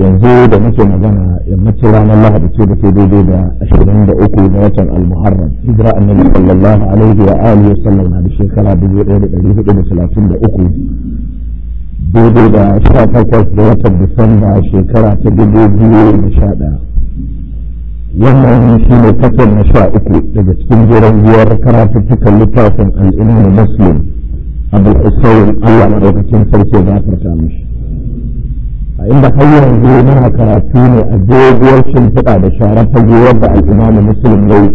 yanzu da muke magana yammacin ranar lahadi ce da ke daidai da ashirin da uku na watan almuharram hijira annabi sallallahu alaihi wa alihi wa sallam na da shekara dubu ɗaya da ɗari hudu da talatin da uku daidai da sha takwas da watan disamba shekara ta dubu biyu da sha ɗaya wannan shi ne kasan na sha uku daga cikin jiran biyar karatuttukan littafin al'imamu muslim abul husayn allah maɗaukakin sarki ya gafarta mishi a inda har yanzu muna karatu ne a doguwar shimfiɗa da sharar fagewar da al'imamu muslim yayi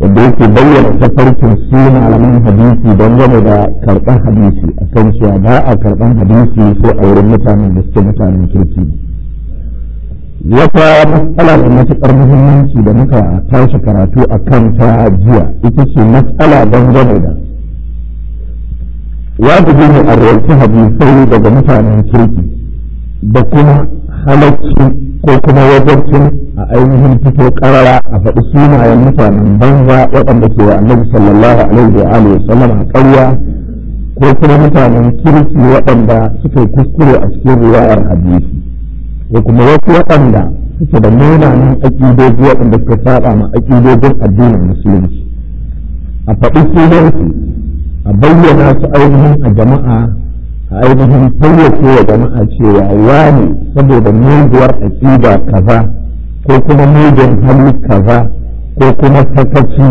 wanda yake bayyana tafarkin suna malaman hadisi don gane da karɓar hadisi a kan cewa ba a karɓar hadisi ko a wurin mutanen da suke mutanen kirki wata matsala da matuƙar muhimmanci da muka tashi karatu a kan ta jiya ita ce matsala don gane da wajibi ne a rawaci hadisai daga mutanen kirki da kuma halarci ko kuma wajabcin a ainihin fito karara a faɗi sunayen mutanen banza waɗanda ke wa annabi sallallahu alaihi wa alihi sallam a ƙarya ko kuma mutanen kirki waɗanda suke kuskure a cikin riwayar hadisi da kuma wasu waɗanda suke da munanan aƙidoji waɗanda suka saba ma aƙidojin addinin musulunci a faɗi sunansu a bayyana su ainihin a jama'a ainihin fayyace wa jama'a cewa wani saboda muguwar aƙida kaza ko kuma mugun hannu kaza ko kuma sakaci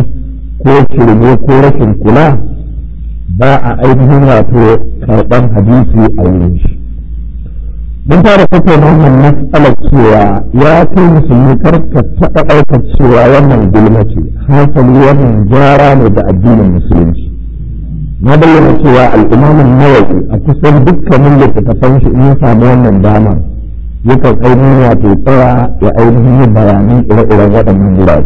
ko kirme ko rashin kula ba a ainihin wato karɓar hadisi a wurin shi mun fara kafa wannan matsalar cewa ya ce musulmi karka taɓa ɗaukar cewa wannan gulma ce hankali wannan jara ne da addinin musulunci na bayyana cewa al'imamin nawawi a kusan dukkanin da littattafan shi in ya samu wannan damar yakan ainihin ya tsaya ya ainihin yin bayanan ire-iren waɗannan wurare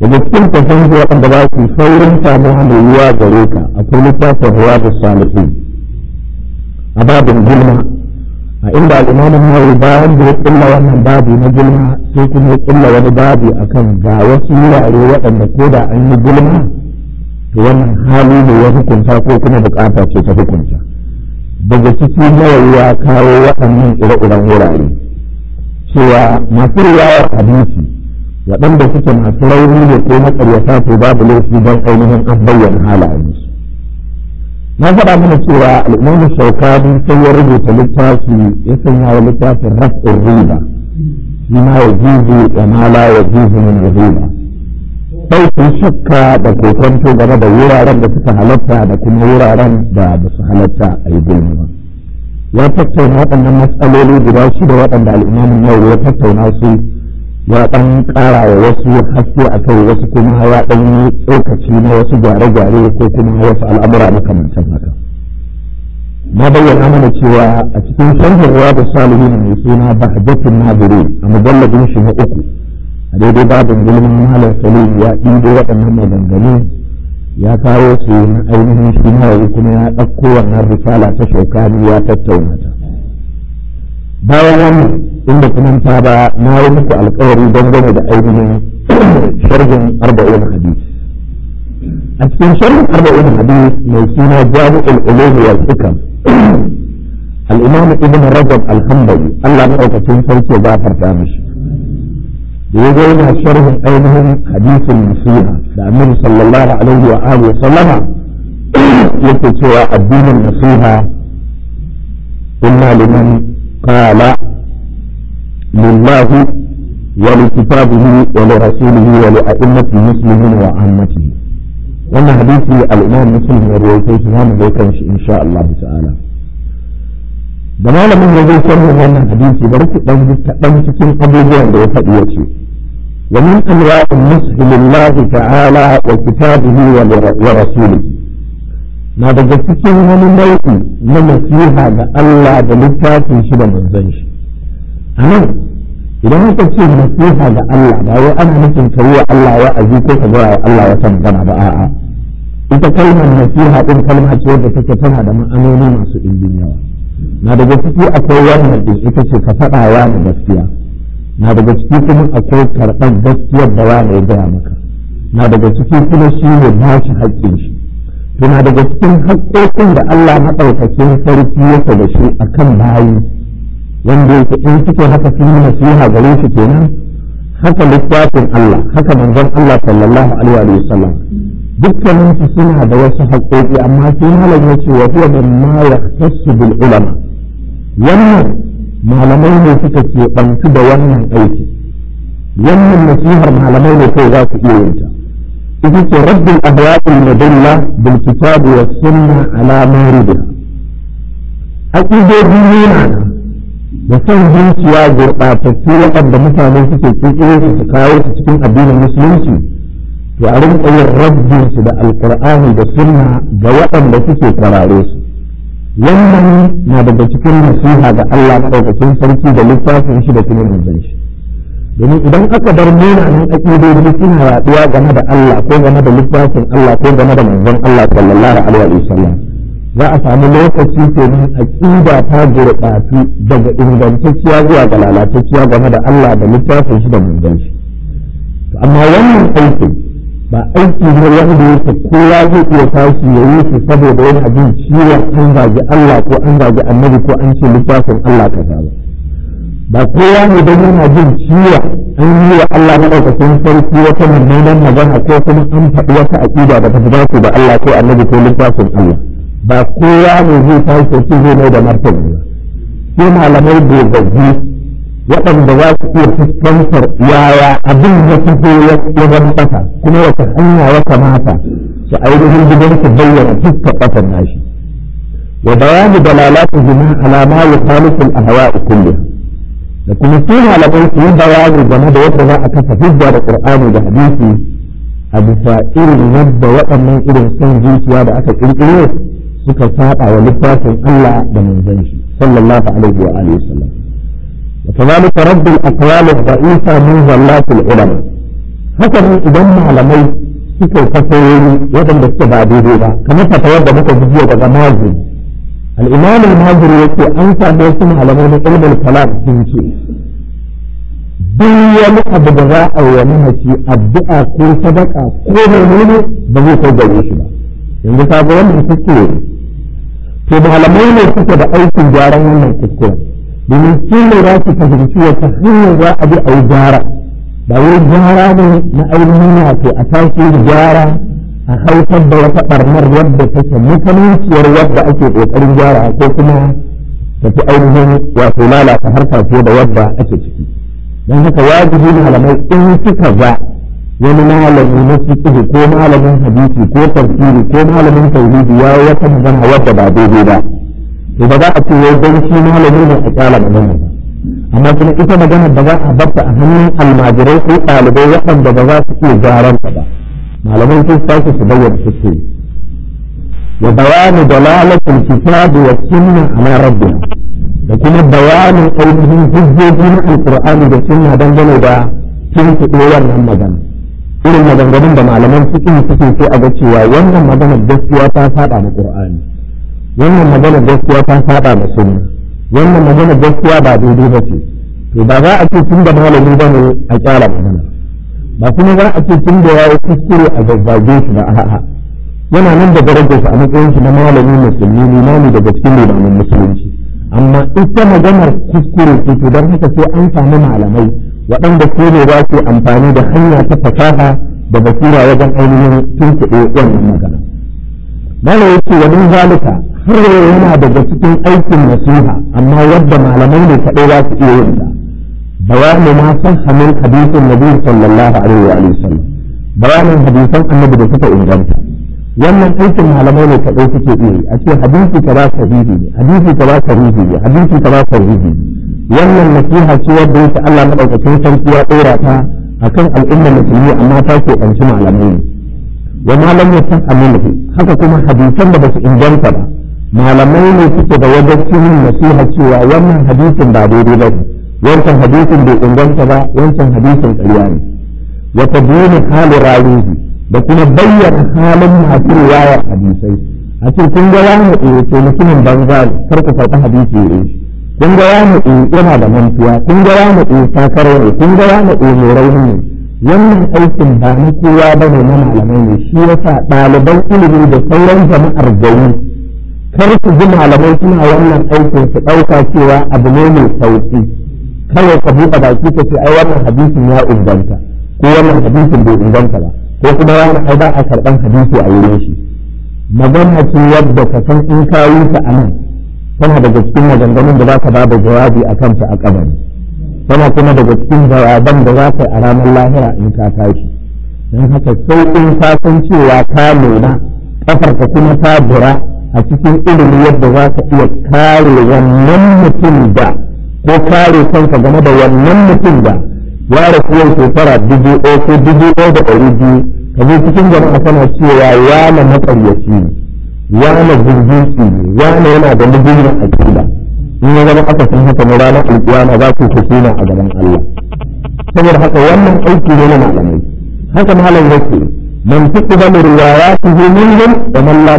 daga cikin tafansu waɗanda ba su saurin samu halayyuwa gare ka akwai ta tafiya da salihin a babin gilma a inda al'umman nawawi bayan da ya kulla wannan babi na gilma sai kuma ya kulla wani babi akan ga wasu wurare waɗanda ko da an yi gilma to wannan hali ne ya hukunta ko kuma bukata ce ta hukunta daga ciki nawawi ya kawo waɗannan ire-iren wurare cewa masu ruwa riwayar hadisi waɗanda suke masu rauni ne ko makaryata to babu laifi don ainihin an bayyana su. na faɗa mana cewa al'ummar shaukani sai ya rubuta littafi ya sanya wa littafin raf'in riba shi ma ya jizo ya mala ya jizo min riba ɗaukar shakka da kokonto game da wuraren da suka halatta da kuma wuraren da ba su halatta a yi gulma ba ya tattauna waɗannan matsaloli guda shida waɗanda al'imamin yau ya tattauna su ya ɗan ƙara wa wasu haske a kai wasu kuma ya ɗan yi tsokaci na wasu gyare-gyare ko kuma wasu al'amura makamantan haka na bayyana mana cewa a cikin sharhin da salihin mai suna bahjatun nadirin a mujalladin shi na uku a daidai babin gulmin malam salim ya ɗibo waɗannan maganganu ya kawo su na ainihin shi nawawi kuma ya ɗauko wannan risala ta shekani ya tattauna ta bayan wannan inda kuma ta ba na yi muku alkawari dangane da ainihin sharhin arba'in hadisi a cikin sharhin arba'in hadisi mai suna jami'ul ulum wal hikam al-imam ibn rajab al-hanbali Allah madaukakin sarki ya gafarta mishi da ya gaina sharhin ainihin hadisin nasiha da annabi sallallahu alaihi wa alihi wa sallama yake cewa addinin nasiha inna liman qala lillahi wa li kitabihi wa li rasulihi wa li a'immati muslimin wa ammatihi wannan hadisi al-imam muslim ya rawaito shi zamu ga kan shi insha Allah ta'ala da malamin da zai sharhin wannan hadisi bari ku dan kaɗan cikin abubuwan da ya faɗi ya ومن أنواع النصح لله تعالى وكتابه ورسوله ما بجتكم ومن نوتي نمسيها بألا بلتات شبه من زنش أنا إذا ما تكتب نسيها بألا بأي أنا نسي كوي ألا وأزيكو كبرا ألا وتنقنا بآآ ita kalmar nasiha din kalma ce wadda take tana da ma'anoni masu ɗimbin yawa na daga ciki akwai wannan din ita ce ka faɗa wa gaskiya na daga ciki kuma akwai karɓar gaskiyar da wani ya gaya maka na daga ciki kuma shi ne ba shi haƙƙin shi yana daga cikin haƙƙoƙin da Allah maɗaukakin sarki yake da shi a kan bayi wanda yake in suke haka sun yi nasiha gare shi kenan haka littafin Allah haka manzon Allah sallallahu alaihi wa sallam dukkanin su suna da wasu haƙƙoƙi amma sai halaye yace wa huwa mimma yahtassu bil ulama wannan malamai ne suka keɓantu da wannan aiki wannan nasihar malamai ne kai za ku iya yin ta ita ce rabbin na madalla bil kitab wa sunna ala marida aqidoji ne da son zuciya gurɓatattu waɗanda mutane suke cikin su su kawo su cikin addinin musulunci to a rinƙa yin rabbin su da alƙur'ani da sunna ga waɗanda suke karare su wannan na daga cikin nasiha ga Allah ɗaukacin sarki da littafin shi da kuma manzon shi domin idan aka bar munanan aƙidoji suna yaɗuwa game da Allah ko game da littafin Allah ko game da manzon Allah sallallahu alaihi wasallam za a samu lokaci a aƙida ta gurɓatu daga ingantacciya zuwa ga lalatacciya game da Allah da littafin shi da manzon shi amma wannan aikin ba aiki ne wanda yake kowa zai iya tashi ya yi shi saboda yana jin ciwo an zagi Allah ko an zagi annabi ko an ce littafin Allah kaza ba ba kowa ne don yana jin ciwo an yi wa Allah na maɗaukakin sarki wata mummunan magana ko kuma an faɗi wata aƙida da ta dace da Allah ko annabi ko littafin Allah ba kowa ne zai tashi ce zai mai da martani ba sai malamai bai gaggi waɗanda za su iya fuskantar yaya abin ya fito ya zama ƙasa kuma wata hanya ya kamata su ainihin gidan su bayyana fuskar ƙasar nashi wa bayani dalalatuhuma ala ma yukhalifu al-ahwa'i kullaha da kuma su malamai su yi bayani game da yadda za a kafa hujja da qur'ani da hadisi a bisa irin yadda waɗannan irin son zuciya da aka ƙirƙiro suka saba wa littafin Allah da manzon shi sallallahu alaihi wa alihi wasallam كذلك رد الأقوال الرئيسة من ظلات العلم مثلا إذن معلمين سكو فسوين يدن بسكو بعديدة كما تتوضى بكو بجيو بغا مازن الإمام المازن يكي أنسى بيسن على مولي علم الكلام جنشي دنيا لقد بغاء ومنها شيء أبدأ كل سبك كل مولي بغي كل جيشنا إن بسابوان بسكوين في معلمين يكي تبقى أيسي جارين من تكوين domin su da za su fahimci ta hanyar za a bi a yi gyara ba wai gyara ne na ainihin wato a tashi gyara a haifar da wata ɓarnar wadda take mutananciyar wadda ake ƙoƙarin gyara ko kuma tafi ainihin wato lalata harka fiye da wadda ake ciki don haka wajibi malamai in suka ga wani malami na fiqh ko malamin hadisi ko tafsiri ko malamin tauhidi ya wata magana wadda ba daidai ba to ba za a ce wai don shi malami ne a kyala magana amma kuma ita magana ba za a barta a hannun almajirai ko ɗalibai waɗanda ba za su iya gyaran ta ba malaman sun sake su bayyana ce wa bayanu dalalatul kitabi wa sunna ala rabbi da kuma bayanin ainihin hujjoji na alqur'ani da sunna dangane da tuntuɓe wannan magana irin maganganun da malaman cikin suke so a ga cewa wannan magana gaskiya ta saba na qur'ani wannan maganar gaskiya ta saba da sunna wannan maganar gaskiya ba daidai ba ce to ba za a ce tun da malami ba ne a kyara magana ba kuma za a ce tun da ya yi kuskure a zazzage shi ba a'a yana nan da su a matsayin shi na malami musulmi limami daga cikin limamin musulunci amma ita maganar kuskure ce to dan haka sai an samu malamai waɗanda su ne za su amfani da hanya ta fasaha da basira wajen ainihin tuntuɓe wannan magana. Malam yake wa zalika cire yana daga cikin aikin nasiha amma yadda malamai ne kaɗai za su iya yin ta bayanu ma san hamin hadisin nabi sallallahu alaihi wa sallam bayanin hadisan annabi da suka inganta wannan aikin malamai ne kaɗai suke iya yi a ce hadisi kaza sahihi ne hadisi kaza sahihi ne hadisi kaza sahihi ne wannan nasiha ce wadda yake Allah madaukakin sarki ya ɗora ta akan al'ummar musulmi amma ta ke ɗanci malamai ne wa malam ya san haka kuma hadisan da ba su inganta ba malamai ne suke da wadancin nasiha cewa wannan hadisin ba daidai ba ne wancan hadisin bai inganta ba wancan hadisin ƙarya ne wata tabyinu hali rayuwa da kuma bayyana halin masu riwaya hadisai a ce kun ga wani ce mutumin banza ne kar ku karɓi hadisi ya yi kun ga yana da mantuwa kun ga wani sakare ne kun ga mai rauni ne wannan aikin ba na kowa ba ne na malamai ne shi yasa ɗaliban ilimi da sauran jama'ar gari kar ku ji malamai suna wannan aikin su ɗauka cewa abu ne mai sauƙi kawai ka buɗe baki ka ce ai wannan hadisin ya inganta ko wannan hadisin bai inganta ba ko kuma ya ai ba a karɓan hadisi a wurin shi magana ce yadda ka san in ka yi ta a nan tana daga cikin maganganun da za ka ba da jawabi a kanta a kabari tana kuma daga cikin jawaban da za ka yi a ranar lahira in ka tashi don haka sauƙin ka san cewa ka nuna ƙafarka kuma ta bura a cikin ilimi yadda za ka iya kare wannan mutum da ko kare kanka game da wannan mutum da ya rasu yau shekara dubu ɗaya ko dubu ɗaya da ɗari biyu ka zo cikin jama'a kana cewa na matsaryaci ne na zurginci ne yana yana da a aƙida in ya zama aka san haka na ranar alƙiyama za ku hukuma a gaban Allah saboda haka wannan aiki ne na malamai haka malam yake man tuqbalu riwayatuhu minhum da man la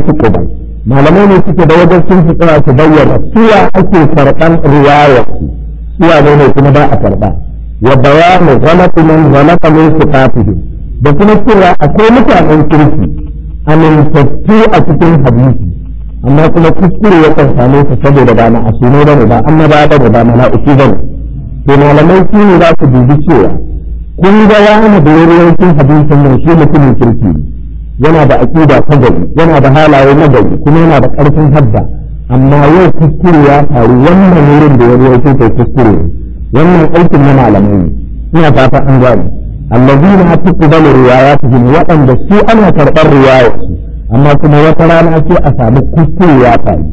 malamai ne suke da wajen sun fi tsara su bayyana suya ake karɓan riwayar su ne ne kuma ba a karɓa wa bayanu ghalatu man ghalata min sifatihi da kuma cewa akwai mutanen kirki amintattu a cikin hadisi amma kuma kuskure ya kan same su saboda ba na asumi ba ne ba annaba ba ne ba uku ba ne to malamai su ne za su dubi cewa kun ga wani da yawancin hadisin nan shi mutumin kirki ne yana da aƙida ta gari yana da halaye na gari kuma yana da ƙarfin hadda amma yau kuskure ya faru wannan wurin da wani yake kai kuskure wannan aikin na malamai ne ina fata an gane allazina ta gini waɗanda su ana karɓar riwayarsu amma kuma wata rana sai a samu kuskure ya faru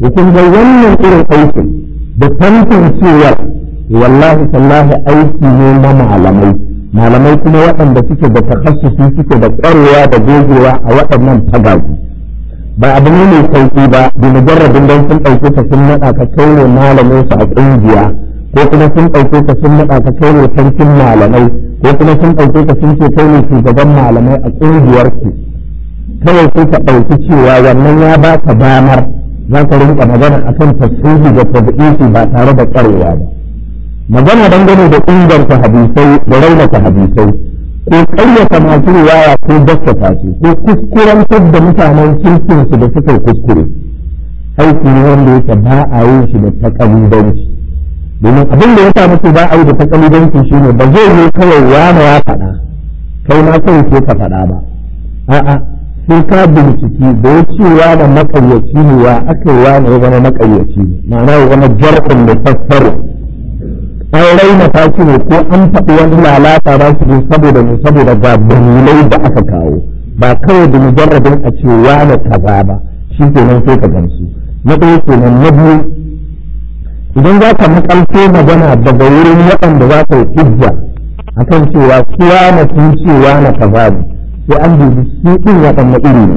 to kun ga wannan irin aikin da tantancewar wallahi sallahi aiki ne na malamai malamai kuma waɗanda suke da takassusi suke da ƙwarewa da gogewa a waɗannan tagagu ba abu ne mai sauƙi ba bi jarrabin don sun ɗauke ka sun naɗa ka kai su a ƙungiya ko kuma sun ɗauke ka sun naɗa ka kai sarkin malamai ko kuma sun ɗauke ka sun ce kai shugaban malamai a ƙungiyar su kawai sai ka ɗauki cewa wannan ya ba ka damar za ka rinƙa magana akan tasiri da tabbaci ba tare da ƙwarewa ba magana dangane da inganta hadisai da raunata hadisai ko ƙaryata masu riwaya ko gaskata su ko kuskuren da mutanen cinkinsu da suka kuskure aiki ne wanda yake ba a yi shi da takalibanci domin abin da ya sa mutu ba a yi da takalidanci shine ba zai yi kawai wani ya faɗa kai na kai ke ka faɗa ba a'a sai ka binciki da ya ce wani maƙayyaci ne wa aka yi na ya zama maƙayyaci ne ma'ana ya zama da tattaro an raina ta shi ne ko an faɗi wani lalata ba su ne saboda ne saboda ga dalilai da aka kawo ba kawai da mujarrabin a ce wani kaza ba shi nan sai ka gamsu na ɗaya nan na biyu idan za ka makalto magana daga wurin waɗanda za ka yi hujja akan cewa su na sun ce na kaza ne sai an dubi su ɗin waɗanda iri ne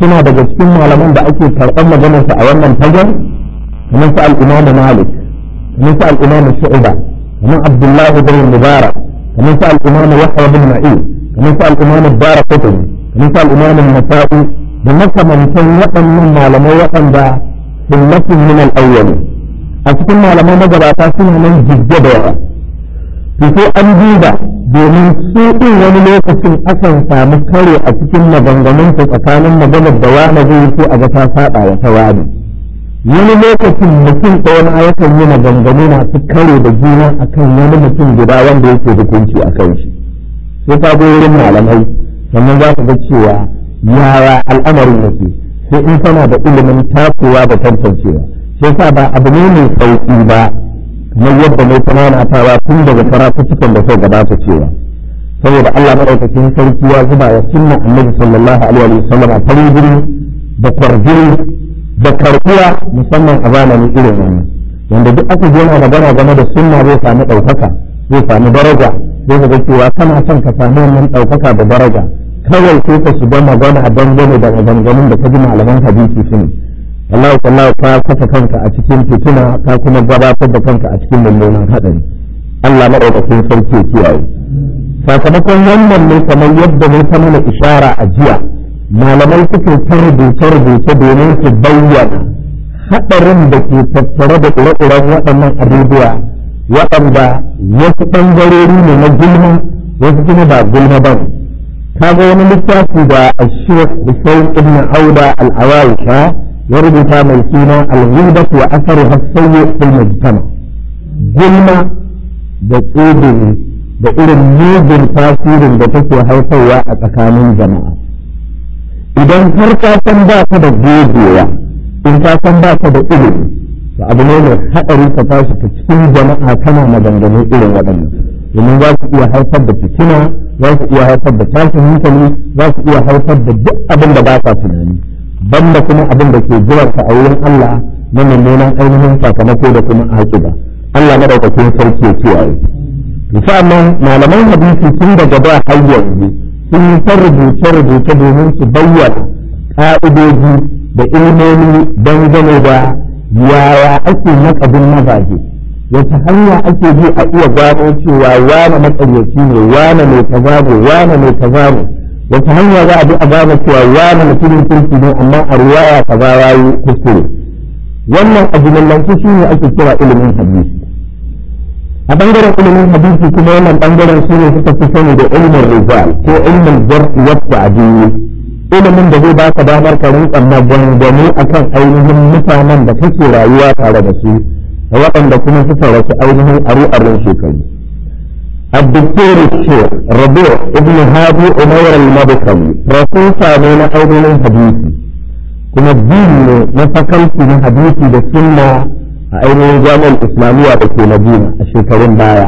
suna daga cikin malaman da ake karɓar maganarsa a wannan fagen kamar su al'umma da malik مثل الإمام الشعبة ومن عبد الله بن المبارك ومن سأل الإمام يحيى بن معين ومن سأل الإمام الدار قطني ومن سأل الإمام النسائي بمثل من كان وطن من معلمه وطن ده سلة من الأول أتكون معلمه مجرى سنة من جدد fito an duba domin su ɗin wani lokacin akan samu kare a cikin maganganunsu tsakanin maganar da wani zai ko a ga ta saɓa wa ta wani. wani lokacin mutum da wani ayatan yi na su kare da juna a kan wani mutum guda wanda yake hukunci a kan shi sai ka wurin malamai sannan za ka ga cewa yara al'amarin yake sai in tana da ilimin takowa da tantancewa sai sa ba abu ne mai sauki ba na yadda mai tawa tun daga cikin da gaba gabata cewa saboda Allah maɗaukacin sarki ya zuba ya sunna annabi sallallahu alaihi sallam a farin da kwarjini da karbuwa musamman a zamanin irin wannan wanda duk aka je na magana game da sunna zai sami ɗaukaka zai sami daraja zai ga cewa kana son ka sami wannan ɗaukaka da daraja kawai sai ka shiga magana dangane da maganganun da ka ji malaman hadisi su ne wallahi wallahi ka kafa kanka a cikin tituna ka kuma gabatar da kanka a cikin mummunan haɗari Allah na maɗaukakin sarki kiyaye sakamakon wannan ne kamar yadda mun ta mana ishara a jiya malamai suke ta rubuce-rubuce domin su bayyana haɗarin da ke tattare da ƙure-ƙuren waɗannan abubuwa waɗanda wasu ɓangarori ne na gulma wasu kuma ba gulma ba kaga wani littafi da ashir da shayin ibn auda al-awaisha ya rubuta mai suna al-ghibatu wa asaru sauye fil gulma da tsibiri da irin mugun tasirin da take haifarwa a tsakanin jama'a idan har ka san ba ka da gogewa in ka san ba ka da ilimi to abu ne mai haɗari ka tashi ta cikin jama'a kana maganganu irin waɗannan domin za su iya haifar da fitina za su iya haifar da tashin hankali za su iya haifar da duk abin da ba ka tunani banda kuma abin da ke jiransa a wurin Allah na mummunan ainihin sakamako da kuma ba Allah madaukakin sarki ya kiyaye. Musamman malaman hadisi tun daga da har yanzu sun yi ta rubuce-rubuce domin su bayyana ƙa'idoji da ilmomi dangane da yaya ake makabin mazaje wata hanya ake bi a iya gano cewa wane makaryaci ne wane mai tazago wane mai tazago wata hanya za a bi a gano cewa wane mutumin kirki ne amma a ruwaya kaza yayi kuskure wannan abu lallanci shine ake kira ilimin hadisi a bangaren ilimin hadisi kuma wannan bangaren su ne suka fi sani da ilimin rizal ko ilimin jarfi wata a duniya ilimin da zai ba ka damar ka rinka a kan ainihin mutanen da kake rayuwa tare da su da waɗanda kuma suka rasu ainihin aru-arun shekaru الدكتور الشيخ ربيع ابن هادي عمر ne رسوسا kuma أول ne na الدين نفكرت من da بسنة a ainihin jami'ar islamiyya da ke madina a shekarun baya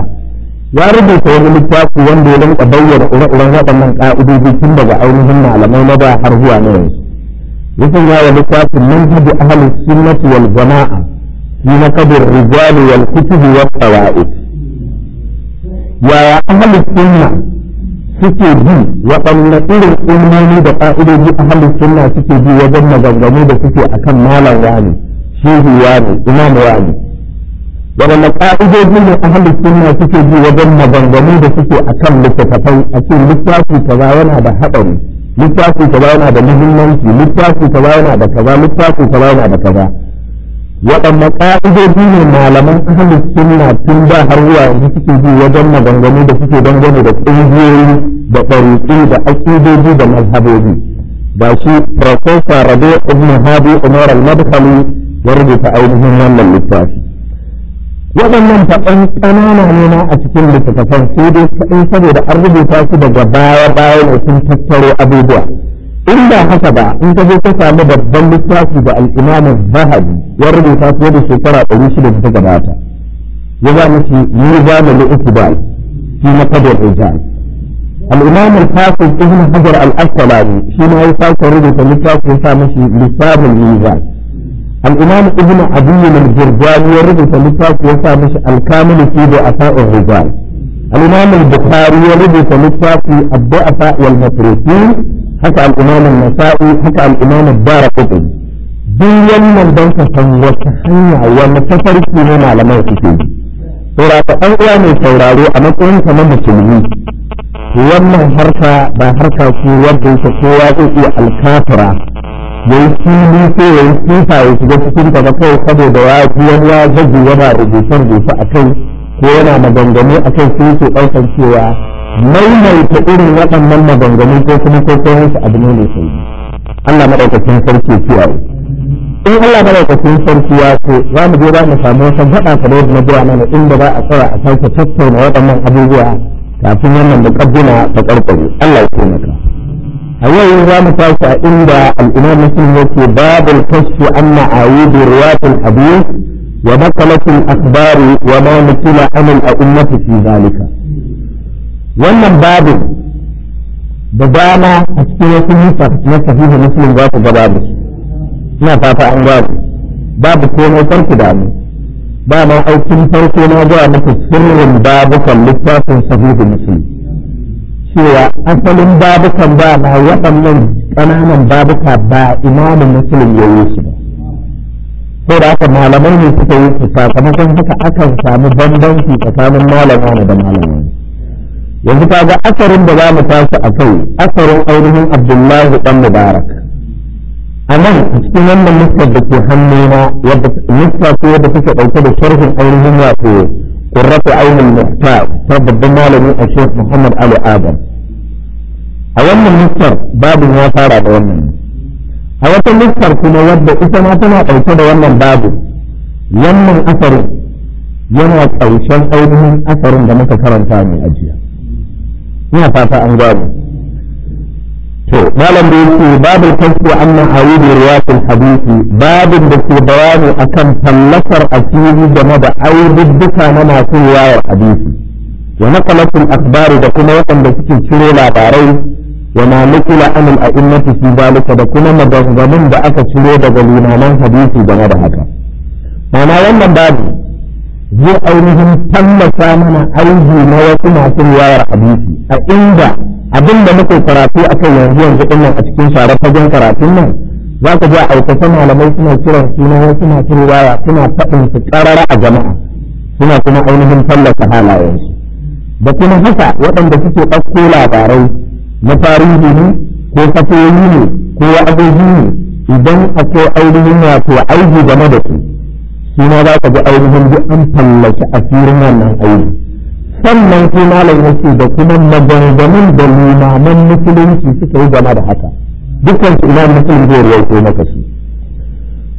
ya rubuta wani littafi wanda ya rinka bayyana ire-iren waɗannan ƙa'idoji tun daga ainihin malamai na baya har zuwa na yanzu yakan yawa littafin manhaji ahlus sunnati wal jama'a fi kabir rijali wal kutubi wat tawa'id yaya ahlus sunna suke bi waɗanne irin ilmomi da ƙa'idodi ahlus sunna suke bi wajen maganganu da suke akan malam wani shehu wani imam wani waɗanda ƙa'idoji ne ahalin sunna suke ji wajen maganganu da suke a kan littattafai a ce littafi kaza yana da haɗari littafi kaza yana da muhimmanci littafi kaza yana da kaza littafi kaza yana da kaza waɗanda ƙa'idoji ne malaman ahalin sunna tun da har zuwa yanzu suke ji wajen maganganu da suke dangane da ƙungiyoyi da ɗariƙi da aƙidoji da mazhabobi ba shi Profesa Rabi Ibn Hadi Umar al-Madkhali ya rubuta ainihin wannan littafi waɗannan faɗan ƙanana ne na a cikin littattafan sai dai kaɗan saboda an rubuta su daga baya baya ne sun tattaro abubuwa in ba haka ba in ka je ka samu babban littafi da al'imamin zahabi ya rubuta fiye da shekara ɗari shida da ta gabata ya za mu ci ni za mu li ikbal fi maqadir rijal الإمام الحافظ ابن حجر الأسقلاني فيما يفاصل رجل الكتاب وسامشي لسان الميزان الإمام ابن عدي من الجرجان يرد تلتاك وسامش الكامل في ضعفاء الرجال الإمام البخاري يرد تلتاك في الضعفاء والمتروكين حكى الإمام النسائي حكى الإمام الدار قطب دين من بنك تنوك حيا ومتفرق من على موته سورة أولى من سوراري أما كنت من مسلمين wannan harka ba harka ce wadda ta kowa zai iya alkafira yayi fili ko yayi tsifa ya shiga cikin ta ba kawai saboda ya ji wani ya zagi yana rubuce rubuce a kai ko yana maganganu a kai sai yake ɗaukar cewa maimaita irin waɗannan maganganu ko kuma ko su abu ne mai sauki Allah maɗaukakin sarki kiyaye. in Allah bada sarki ya ce za mu je za mu samu haɗa ka da na biya mana inda za a tsaya a sake tattauna waɗannan abubuwa kafin wannan da ƙadduna ta ƙarƙare Allah ya taimaka. a yau za mu tashi a inda al'imam muslim yake babul kashfi anna awudu riwatul hadith wa makalatul akhbari wa ma nukila anil a'immati fi zalika wannan babu da dama a cikin wasu nufa na sahihu muslim za ku gaba da ina fata an gaba babu komai farki da mu ba ma aikin farko na zuwa muku sirrin babukan littafin sahihu muslim cewa asalin babukan ba na waɗannan ƙananan babuka ba imamin musulun ya yi su ba da haka malamai ne suka yi su sakamakon haka akan samu bambanci tsakanin malama da malama yanzu ta ga asarin da za mu tashi a kai asarin ainihin abdullahi dan mubarak a nan cikin wannan nufar da ke hannuna yadda nufa ce wadda ɗauke da sharhin ainihin wato qurratu ainul muhtar ta babban malamin a Sheikh Muhammad Ali Adam a wannan nufar babin ya fara da wannan a wata nufar kuma wadda ita ma tana ɗauke da wannan babu wannan asarin yana ƙarshen ainihin asarin da muka karanta ne ajiya jiya ina fata an gano to malam da yake babul fasli an ma'awidi riwayatul hadisi babin da ke bayani akan fallasar asiri game da aibubbuka na masu riwayar hadisi wa naqalatul akhbari da kuma waɗanda suke ciro labarai wa ma nukila an aimmati fi zalika da kuma maganganun da aka ciro daga limaman hadisi game da haka ma'ana wannan babu zai ainihin tallafa mana aiki na wasu masu riwayar abinci a inda abin da muke karatu a kan yanzu yanzu din nan a cikin share fagen karatun nan za ka a aukace malamai suna kiran suna wasu masu waya suna faɗin su ƙarara a jama'a suna kuma ainihin tallafa halayensu da kuma haka waɗanda suke ɗauko labarai na tarihi ne ko fatoyi ne ko wa'adoji ne idan akwai ainihin wato aiki game da su shi za ka ji ainihin duk an fallaki asirin wannan aini sannan sai malam yake da kuma maganganun da limaman musulunci suka yi game da haka dukkan su imam muslim zai rawaito maka su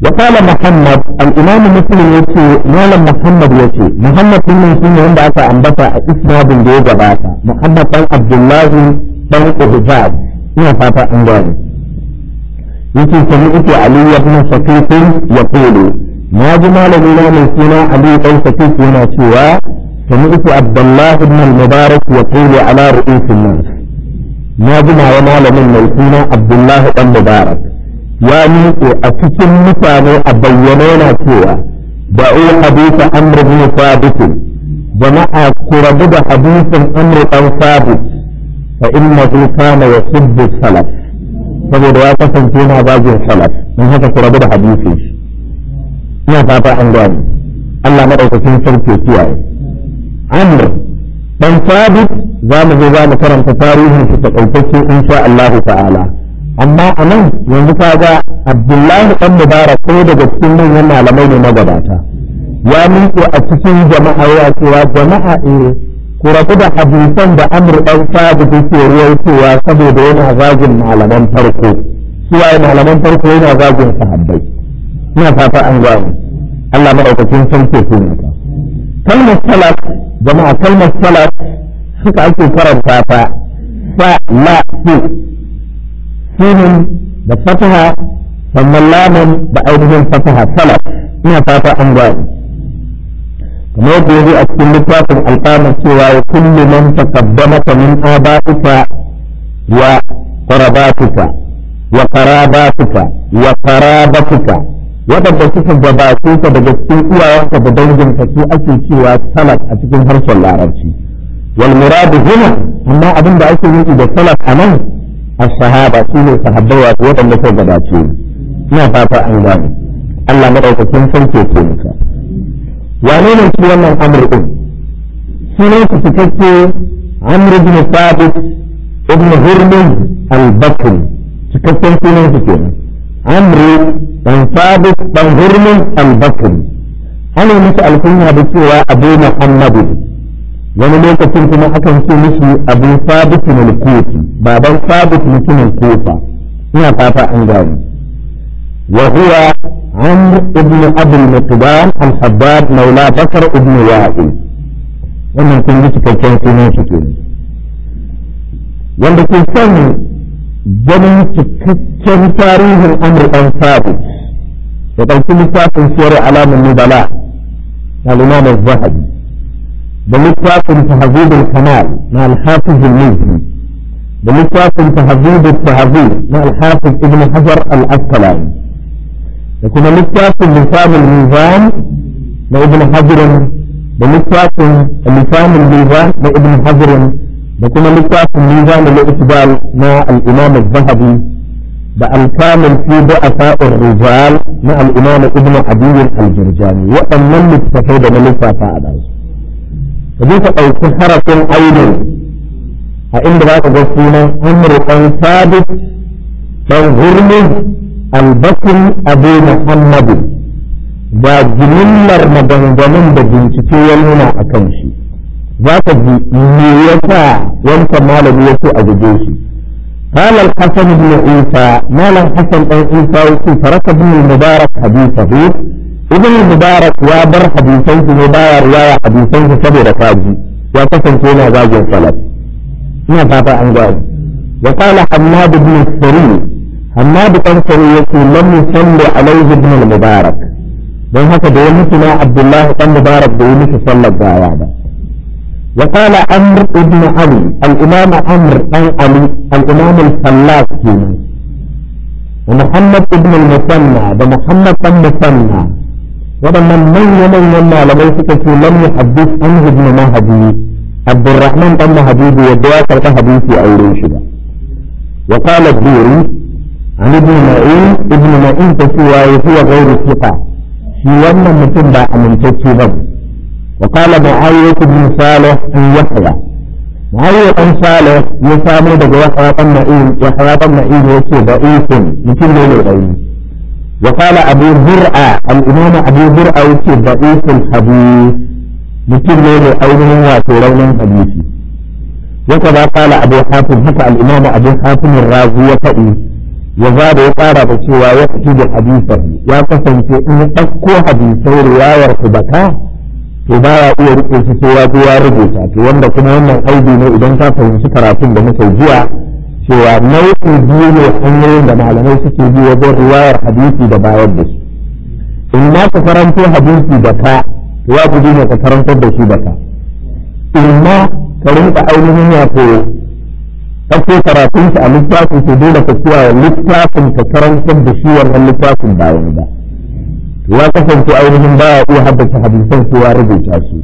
وقال محمد الإمام muhammad يتي مالا محمد يتي محمد بن مسلم عند أتى أنبتا إسنا بن جوجة باتا محمد بن عبد الله بن أهجاب إيه فاتا أنجاب يتي سمعت علي بن شقيق يقول na ji malami na mai suna Ali dan Sakif yana cewa sami'tu Abdullah ibn al-Mubarak ya qulu ala ru'usin nas na ji wa malamin mai suna Abdullah dan Mubarak ya miƙe a cikin mutane a bayyana yana cewa da'u hadith amr ibn thabit jama'a kurabu da hadisin amr dan thabit fa innahu kana yasubbu salaf saboda ya kasance na bajin salaf haka kurabu da hadisin shi ina fata an gane Allah madaukakin sarki kiyaye amr dan sabit za mu je za mu karanta tarihin shi ta ɗaukake insha Allah ta'ala amma a nan yanzu ka ga Abdullahi dan Mubarak ko daga cikin manyan malamai ne magabata ya miƙe a cikin jama'a ya cewa jama'a eh ku rabu da hadisan da amr dan sabit yake ruwaitowa saboda yana zagin malaman farko suwaye malaman farko yana zagin sahabbai ina fata an gano Allah madaukakin san ke ne kalmar salat jama'a kalmar salat suka ake faranta ta fa la su sunan da fataha sannan lamun da ainihin fataha salat ina fata an gano kamar yadda yanzu a cikin littafin alƙamar cewa ya ta man ta min abaika wa qarabatika wa qarabatika wa qarabatika waɗanda suka gabace ka daga cikin iyayenka da danginka su ake cewa salat a cikin harshen larabci wal muradu huna amma abin da ake nufi da salat a nan as-sahaba su ne sahabbai wato waɗanda suka gabace ina fata an gane Allah madaukakin san ke maka wane ne shi wannan amr din sunan su cikakke amr ibn sabit ibn hurmuz al-bakri cikakken sunan su kenan amr dan sabu dan hurmin al-bakri ana masa alkunya da cewa abu muhammadu wani lokacin kuma akan ce musu abu sabit al-kufi baban sabit mutumin kufa ina fata an gani وهو عمرو بن ابي al-habbab maula bakar ibn wa'i wannan kun ji cikakken sunan shi kenan wanda ke son ganin cikakken tarihin amurkan sabit وقلت لفاق سور علام النبلاء الإمام الذهبي الظهبي بلفاق تهذيب الكمال مع الحافظ المزي بلفاق تهذيب التهذيب مع الحافظ ابن حجر الأسلام لكن لفاق لسان الميزان لابن ابن حجر بلفاق لسان الميزان لابن ابن حجر لكن لفاق الميزان الإقبال مع الإمام الذهبي da alkamin ba da asa'ur rijal na al'imam ibn abiyyin al-jirjani waɗannan littafai da na lissafa a ɗansu ka je ka ɗauki harafin aure a inda za ka ga sunan amr ɗan sabit ɗan hurmi albakin abu muhammadu ga jimillar maganganun da bincike ya nuna a kan shi za ka ji me yasa wancan malami ya ce a guje shi قال الحسن بن عيسى ما له حسن بن عيسى فرك ابن المبارك حديثه ابن المبارك وابر حديثين في مبارك يا حديثين في صبر يا وكسن كينا زاج الصلاة ما فاتا عن ذلك وقال حماد بن السري حماد بن السري لم يصلي عليه ابن المبارك don هكذا da عبد الله بن مبارك dan صلى da ya mutu وقال عمرو بن علي الإمام عمرو بن علي الإمام الفلاس ومحمد بن المثنى ومحمد بن المثنى ومن من يمن يمنى لم في لم يحدث عنه ابن مهدي عبد الرحمن بن مهدي يدعى ترك حديثي أو رشد وقال الديري عن ابن معين ابن معين تسوى هو غير ثقة في يمن متنبع من تسوى وقال معاوية بن صالح بن يحيى معاوية بن صالح يسامو دقى يحيى بن معين يحيى بن معين يسي ضعيف مثل ليلة غيره وقال أبو زرعة الإمام أبو زرعة يسي ضعيف الحديث مثل ليلة أيضا وترون حديثي وكذا قال أبو حاتم حتى الإمام أبو حاتم الرازي يفئي ya da ya tsara da cewa ya fito da hadisan ya kasance in ɗauko hadisai riwayar ku baka to ba ya iya rike shi sai ya zo ya rubuta to wanda kuma wannan aibi ne idan ka fahimci karatun da muka jiya cewa nau'in biyu ne hanyoyin da malamai suke bi wajen riwayar hadisi da bayar da su in na ka karanto hadisi da ka guji ne ka karanto da shi da ka in ma ka rinka ainihin wato ɗauko karatun shi a littafin su dole ka cewa littafin ka karantar da shi wannan littafin bayan ba ya kasance ainihin baya iya haddace hadisan sai ya rubuta su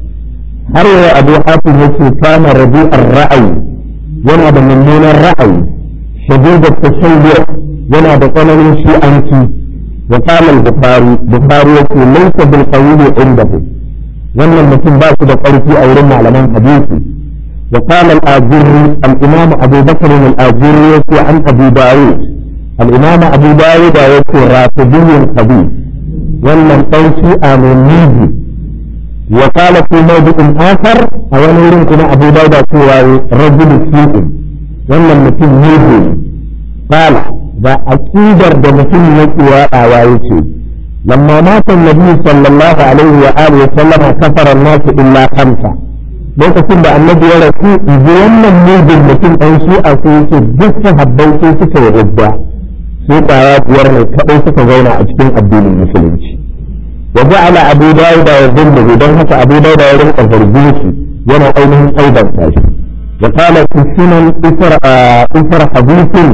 har yau abu hatim yace kana rabi'ar ra'ayi yana da mummunan ra'ayi shadidat tasawwur yana da tsananin shi'anci وقال البخاري بخاري يقول ليس بالقوي عنده wannan mutum ba su da ƙarfi a wurin malaman hadisi wa qala al-ajurri al-imam abu bakr al an abu dawud al-imam abu dawud yace rafidiyun hadith wannan ɗan shi'a mai miji ya kala fi mawdu'in asar a wani wurin kuma Abu Dawud cewa rajulu su'in wannan mutum ne kala ba a aqidar da mutum ya a waye ce lamma na biyu sallallahu alaihi wa alihi wa sallam kafara nasu illa khamsa lokacin da annabi ya rasu wannan mujin mutum ɗan shi'a su yake duk sahabbai suka yi rubba su kwaya biyar ne kaɗai suka zauna a cikin addinin musulunci wa ja'ala abu dawuda ya zulmuhu don haka abu dawuda ya rinka zargin shi yana ainihin aibanta shi wa qala fi sunan isar hadithin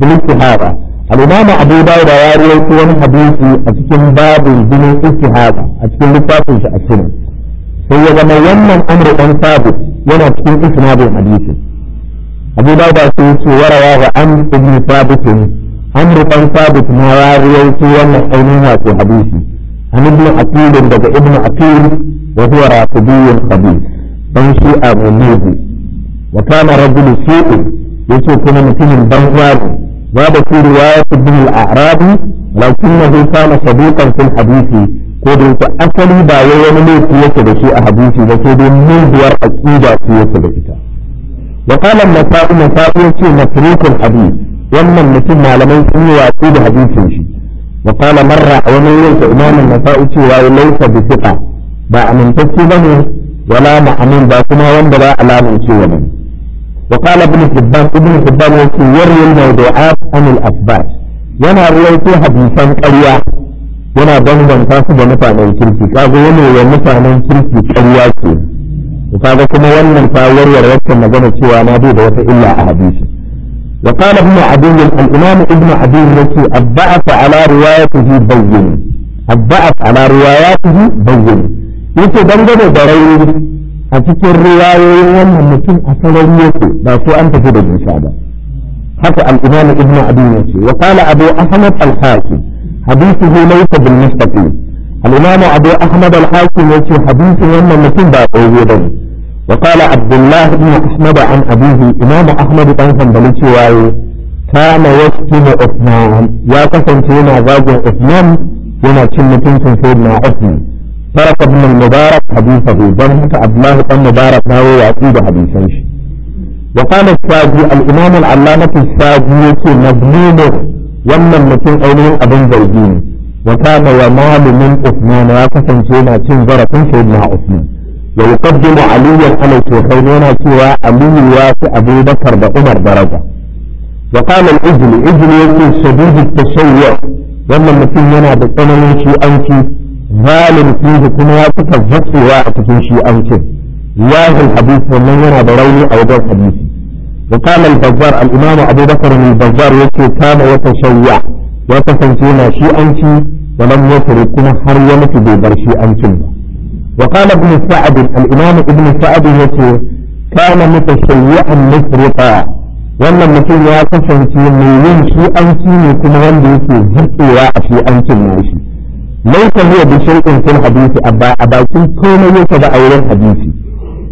bil istihara al-imam abu dawuda ya rawaito wani hadisi a cikin babin jinin istihara a cikin littafin shi a sunan sai ya zama wannan amru dan sabit yana cikin isnadin hadisi abu dawuda sai ya ce warawa ga an ibn sabitin amru dan sabit ma ya rawaito wannan ainihin wato hadisi an ibn atir daga ibn atir wa huwa rafidiyyun khabir dan shi a mulidi wa kana rajulu su'u yace kuma mutumin banza ne wa da shi riwayat ibn al-a'rabi lakinnahu kana sadiqan fil hadisi ko da yake asali ba wai wani laifi yake da shi a hadisi ba sai dai muguwar aqida ce yake da ita وقال النسائي النسائي في مسروق الحديث wannan mutum malaman sun yi watsi da hadisin shi wa marra a wani yanka imamin nasa'u cewa ya laifa bi fiqa ba amintacce ne wala ma'amin ba kuma wanda ba alamun cewa bane wa qala ibn hibban ibn hibban yake yarwi al-mawdu'at yana ruwaito hadisan ƙarya yana danganta su da mutanen kirki kaga yana wa mutanen kirki ƙarya ce kaga kuma wannan ta warware wacce magana cewa na bai da wata illa a hadisi وقال ابن عدي الإمام ابن عدي الرسي الضعف على روايته بين الضعف على رواياته بين يتو دنجا دو دارين أتكي الرواية يوم ممكن أصلاً يكو لا سوء أن تجد الإنسان حتى الإمام ابن عدي الرسي وقال أبو أحمد الحاكم حديثه ليس بالنسبه الإمام أبو أحمد الحاكي يتو حديثه يوم ممكن باقي يدنجا وقال عبد الله بن أحمد عن أبيه إمام أحمد بن حنبل شوائي كان يشتم عثمان يا قسم فينا زوج عثمان وما كلمة سيدنا عثمان ترك ابن المبارك حديثه بل عبد الله بن مبارك ناوي يعقيد حديثا وقال الساجي الإمام العلامة الساجي مظلوم wannan mutum ainihin abin zargi ne wa kana ya malu min usman ya kasance na cin zarafin sayyidina usman wa yuqaddimu aliyan sosai al-husayn yana cewa aliyu ya fi abubakar da umar daraja wa qala al-ijli ijli ta shadidu tashayyu wannan mutum yana da tsananin shi'anci zalim fihi kuma ya fi tabbatsuwa a cikin shi'ancin yahul hadisi yana da rauni a wajen hadisi وقال البزار الإمام أبو بكر البزار يكي كان يتشيع وتسنسينا شيئا شي ولم يتركنا حريمة ببر شيئا شنبا وقال ابن سعد الإمام ابن سعد يقول كان متشيعا مفرطا wannan mutum ya kasance mai yin shi an ci ne kuma wanda yake jitsewa a shi an cin nashi laisa huwa bi shay'in fil hadisi abba a bakin komai yake da hadisi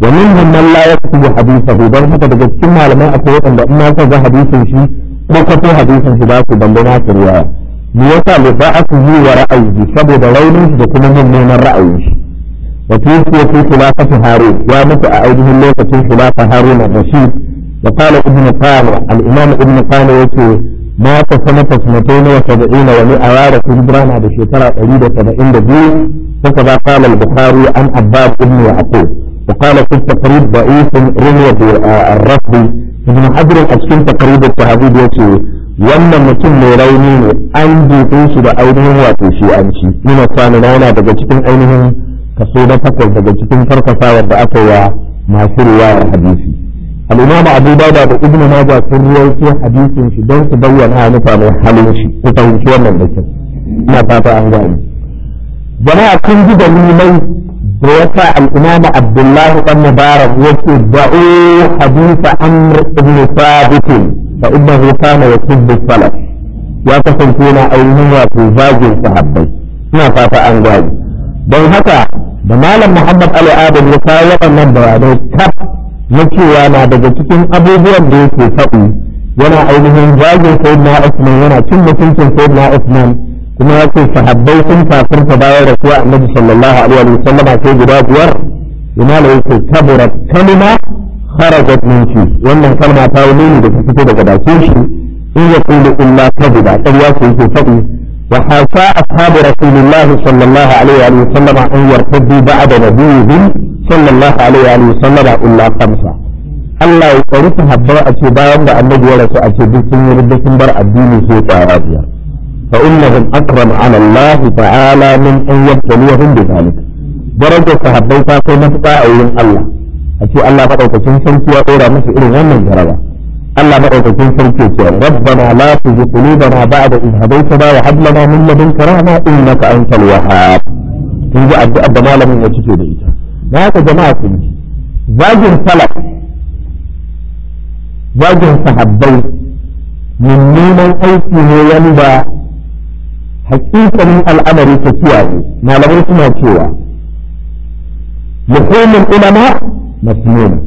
wa minhum man la yaktubu hadithahu dan haka daga cikin malamai akwai wanda in ma ga hadisin shi ko kafin hadisin shi ba su bandana ta riwaya me yasa li ba'atuhu wa ra'ayhi saboda raunin da kuma yin mummunan ra'ayin shi wa tuwfiya fi khilafati harun mutu a ainihin lokacin khilafa harun ar-rashid wa qala ibn qala al-imam ibn qala yake sanata sanatayn wa sab'ina wa mi'a da shekara 172 فكذا قال البخاري عن عباد بن يعقوب وقال في التقريب ضعيف رمي الرفضي ابن حجر أشكين تقريب التهديد يتي wannan mutum mai rauni ne an jefe shi da ainihin wato shi an ci ina sani na yana daga cikin ainihin kaso na takwas daga cikin karkasawar da aka yi wa masu riwayar hadisi al'imamu abu dauda da ibn majah sun ruwaito hadisin shi don su bayyana a mutane halin shi ku fahimci wannan da kyau ina fata an gane jama'a kun ji dalilai da yasa al'imamu abdullahi dan mubarak yake da'u hadisa amr ibn thabit fa innahu kana yakubbu salaf ya kasance na ainihin wato zagin sahabbai ina fata an gane don haka da malam muhammad ali adam ya kawo waɗannan bayanai na cewa na daga cikin abubuwan da yake faɗi yana ainihin zagin sayyidina usman yana cin mutuncin sayyidina usman kuma ya ce sahabbai sun kafirta bayan rasuwa annabi sallallahu alaihi wa sallama sai guda biyar ina da yake kaburat kalima kharajat minki wannan kalma ta wuni da ta fito daga dace shi in ya kullu illa kadhiba ƙarya ce yake faɗi وحافى أصحاب رسول الله صلى الله عليه وسلم أن يرتدوا بعد نبيهم صلى الله عليه وسلم إلا خمسة Allah ya tsari ta habbar a ce bayan da annabi ya rasu a ce duk sun yi duk sun bar addini sai tsara biyar fa innahum akram ala Allah ta'ala min an yabtaliyahum bi zalik darajar ta kai matuƙa a wurin Allah a Allah madaukakin sarki a dora musu irin wannan jaraba الله بعد كل يعني. ربنا لا تجي قلوبنا بعد إذ هديتنا وهب لنا من لدنك رحمة إنك أنت الوهاب تنجا أبدا ما لم يتجي ليتا ما هذا جماعة واجه طلب واجه تحبي من نيم الأيس هو يلبى حقيقة من الأمر تتواه ما لم يسمع تتواه لحوم الأمماء مسمونة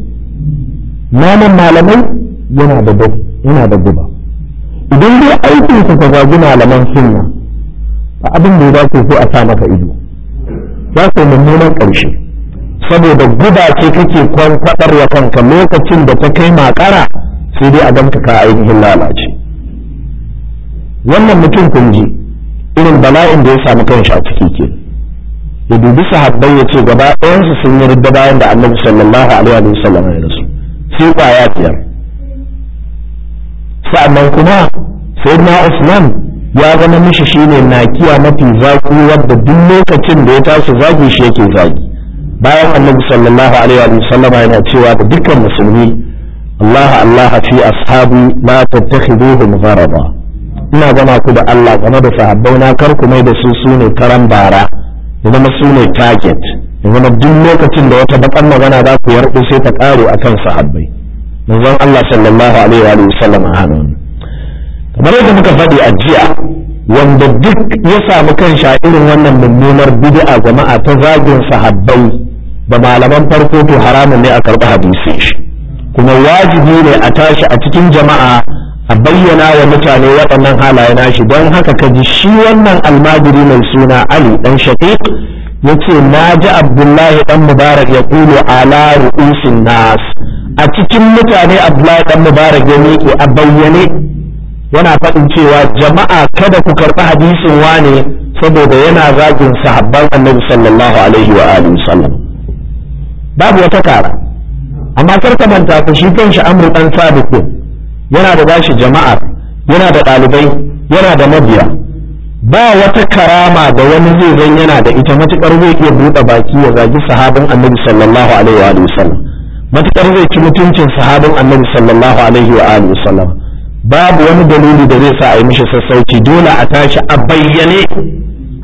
ما من معلمين yana da yana da guba idan dai aikin ka ka zagi malaman sunna ba abin da ya ku ko a sa maka ido za mun mummunan ƙarshe saboda guba ce kake kwantar ya kanka lokacin da ta kai makara sai dai a ganka ka ainihin lalace wannan mutum kun ji irin bala'in da ya samu kanshi a ciki ke ya dubi sahabbai ya ce gaba ɗayansu sun yi bayan da annabi sallallahu alaihi wa sallam ya rasu sai ƙwaya biyar sa'annan kuma na usman ya zama mishi shine nakiya mafi zaki wadda duk lokacin da ya tashi zagi shi yake zagi bayan annabi sallallahu alaihi wa sallam yana cewa da dukkan musulmi Allah Allah fi ashabi la tattakhiduhum gharaba ina gama ku da Allah game da sahabbai na kar ku mai da su sune karan bara ya su ne target ya duk lokacin da wata bakan magana za ku yarda sai ta karo akan sahabbai manzon Allah sallallahu alaihi wa sallam a kamar yadda muka faɗi a jiya wanda duk ya samu kan irin wannan mummunar bid'a jama'a ta zagin sahabbai da malaman farko to haramun ne a karɓi hadisi kuma wajibi ne a tashi a cikin jama'a a bayyana wa mutane waɗannan halaye na shi don haka ka ji shi wannan almajiri mai suna ali dan ya yace na ji abdullahi dan mubarak ya kulu ala ru'usin nas a cikin mutane abdullahi dan mubarak ya miƙe a bayyane yana faɗin cewa jama'a kada ku karɓi hadisin wane saboda yana zagin sahabban annabi sallallahu alaihi wa alihi sallam babu wata kara amma karka manta ku shi kanshi amru dan sabiq yana da bashi jama'a yana da ɗalibai yana da mabiya ba wata karama da wani zai zan yana da ita matukar zai iya buɗe baki ya zagi sahabban annabi sallallahu alaihi wa alihi sallam matukar zai ci mutuncin sahabin annabi sallallahu alaihi wa alihi wasallam babu wani dalili da zai sa a yi mishi sassauci dole a tashi a bayyane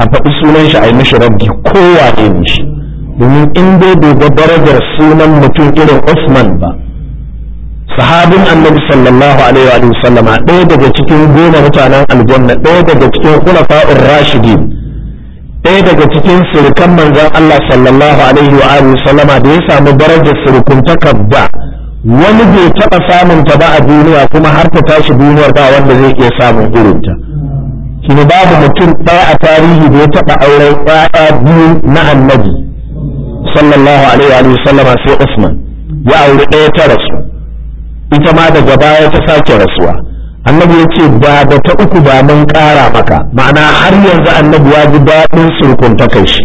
a faɗi sunan shi a yi mishi rabbi kowa ne mishi domin in dai duba darajar sunan mutum irin Usman ba sahabin annabi sallallahu alaihi wa sallama ɗaya daga cikin goma mutanen aljanna ɗaya daga cikin kulafa'ur rashidin ɗaya daga cikin surukan manzon Allah sallallahu alaihi wa alihi sallama da ya samu darajar surukuntakar da wani bai taɓa samun ta ba a duniya kuma har ta tashi duniyar ba wanda zai iya samun irin ta. shine babu mutum ɗaya a tarihi da ya taɓa auren ƴaƴa biyu na annabi sallallahu alaihi wa sallama sai Usman ya auri ɗaya ta rasu ita ma daga baya ta sake rasuwa annabi ya ce ba da ta uku ba mun ƙara maka ma'ana har yanzu annabi ya ji daɗin surkunta kai shi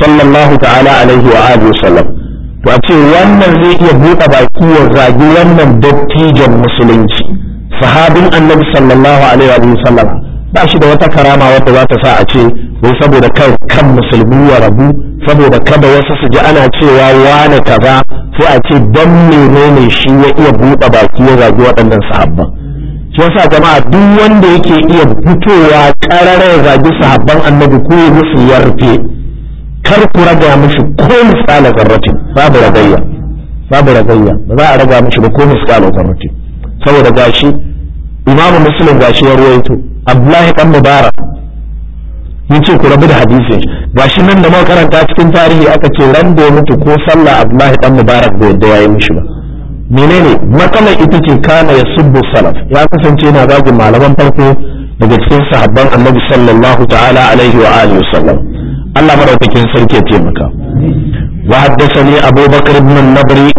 sallallahu ta'ala alaihi wa alihi wasallam to a ce wannan zai iya buɗe baki ya zagi wannan dattijan musulunci sahabin annabi sallallahu alaihi wa sallam ba shi da wata karama wadda za ta sa a ce wai saboda kan kan musulmi wa rabu saboda kada wasu su ji ana cewa wane kaza sai a ce dan menene shi ya iya buɗe baki ya zagi waɗannan sahabban shi yasa jama'a duk wanda yake iya fitowa karara ya zagi sahabban annabi ko ya musu yarfe kar ku raga mishi ko misala zarratin babu ragayya babu ragayya ba za a raga mishi ba ko misala zarratin saboda gashi imamu muslim gashi ya ruwaito abdullahi dan mubarak ce ku rabu da hadisin gashi nan da muka karanta cikin tarihi aka ce ran da ya mutu ko sallah abdullahi dan mubarak bai yadda yayi mishi ba menene matsalar ita ce kana ya subbu salaf ya kasance yana zagin malaman farko daga cikin sahabban annabi sallallahu ta'ala alaihi wa alihi wasallam Allah madaukakin sarki ya taimaka wa haddathani Abu Bakr ibn nabri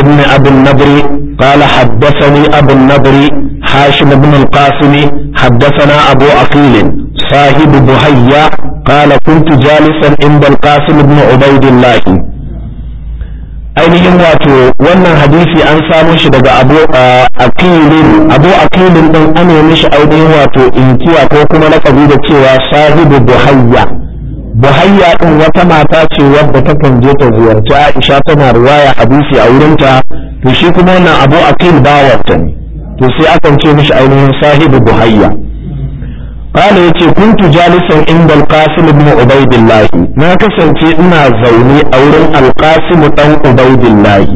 ibn abin nabri qala haddathani Abu an-Nabri Hashim ibn al-Qasim haddathana Abu Aqil صاحب بهية قال كنت جالسا عند القاسم بن عبيد الله ainihin wato wannan hadisi an samu shi daga abu akilin abu akilin din an mishi ainihin wato inkiya ko kuma lakabi da cewa sahibu buhayya buhayya din wata mata ce wadda ta kan ta ziyarci aisha tana riwaya hadisi a wurinta to shi kuma wannan abu akil ba wata ne to sai akan ce mishi ainihin sahibu buhayya قال يتي كنت جالسا عند القاسم بن عبيد الله ما كسنت انا زوني اور القاسم بن عبيد الله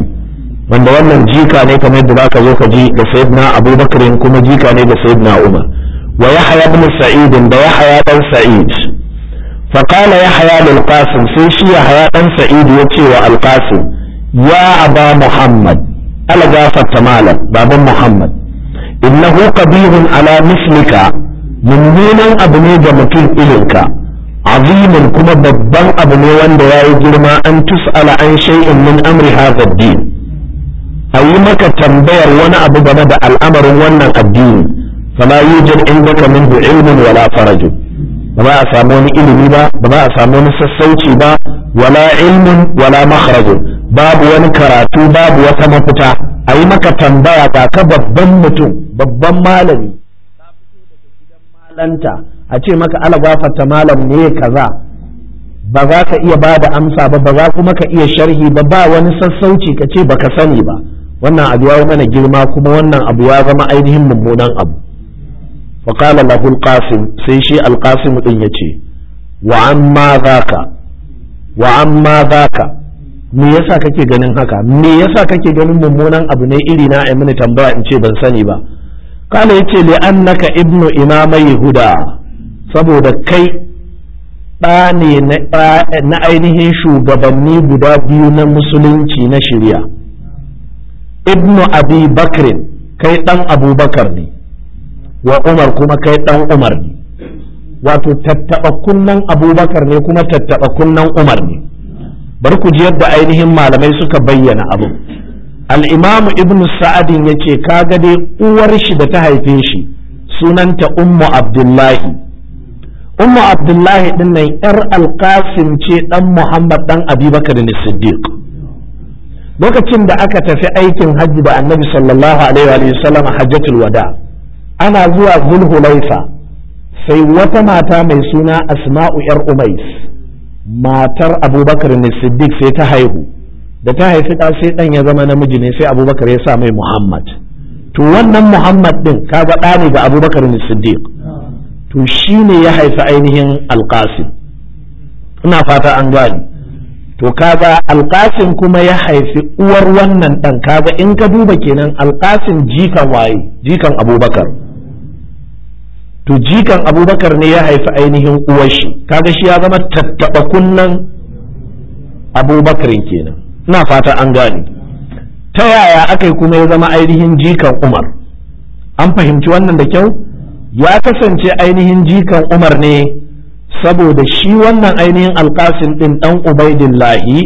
wanda wannan jika ne kamar yadda baka zo ka ji da sayyidina abubakar kuma jika ne da sayyidina umar wa yahya ibn sa'id da yahya dan sa'id fa qala yahya lil qasim sai shi yahya dan sa'id ya ce wa al qasim ya aba muhammad ala gafa malam baban muhammad innahu qabihun ala mislika mummunan abu ne ga mutum ilinka azimin kuma babban abu ne wanda ya yi girma an tus'ala an shay'in min amri hadha din a yi maka tambayar wani abu game da al'amarin wannan addini fama yujad indaka minhu ilmin wala faraju ba ba a samu wani ilimi ba ba a samu wani sassauci ba wala ilmin wala makharajun babu wani karatu babu wata mafita a yi maka tambaya ga ka babban mutum babban malami lanta a ce maka ala malam ne kaza ba za ka iya ba da amsa ba ba za kuma ka iya sharhi ba ba wani sassauci ka ce baka sani ba wannan abu ya mana girma kuma wannan abu ya zama ainihin mummunan abu fa qala lahu alqasim sai shi alqasim din yace wa amma zaka wa amma zaka me yasa kake ganin haka me yasa kake ganin mummunan abu ne iri na ai mini tambaya in ce ban sani ba kala yace li annaka ibnu imama yahuda saboda kai ɗa ne na ainihin shugabanni guda biyu na musulunci na shirya ibnu abi bakrin kai ɗan abubakar ne wa umar kuma kai ɗan umar ne wato tattaɓa kunnan abubakar ne kuma tattaɓa kunnan umar ne bari ku ji yadda ainihin malamai suka bayyana abu al'imamu ibn sa'adin ya ce kaga dai uwar shi da ta haife shi sunanta ummu abdullahi ummu abdullahi din nan yar alkasim ce dan muhammad dan abubakar ne siddiq lokacin da aka tafi aikin hajji da annabi sallallahu alaihi wa sallam hajjatul wada ana zuwa zulhulaifa sai wata mata mai suna asma'u yar umais matar abubakar ne siddiq sai ta haihu da ta haifi ta sai ɗan ya zama namiji ne sai abubakar ya sa mai muhammad to wannan muhammad ɗin ga ɗa ne ga abubakar ne siddiq to shi ne ya haifi ainihin alƙasim ina fata an gani to kaga alƙasim kuma ya haifi uwar wannan ɗan kaga in ka duba kenan alƙasim jikan waye jikan abubakar to jikan abubakar ne ya haifi ainihin uwar shi kaga shi ya zama tattaɓa kunnan abubakarin kenan na fata an gane ta yaya aka yi kuma ya zama ainihin jikan umar an fahimci wannan da kyau ya kasance ainihin jikan umar ne saboda shi wannan ainihin alkasin ɗin ɗan ubaidillahi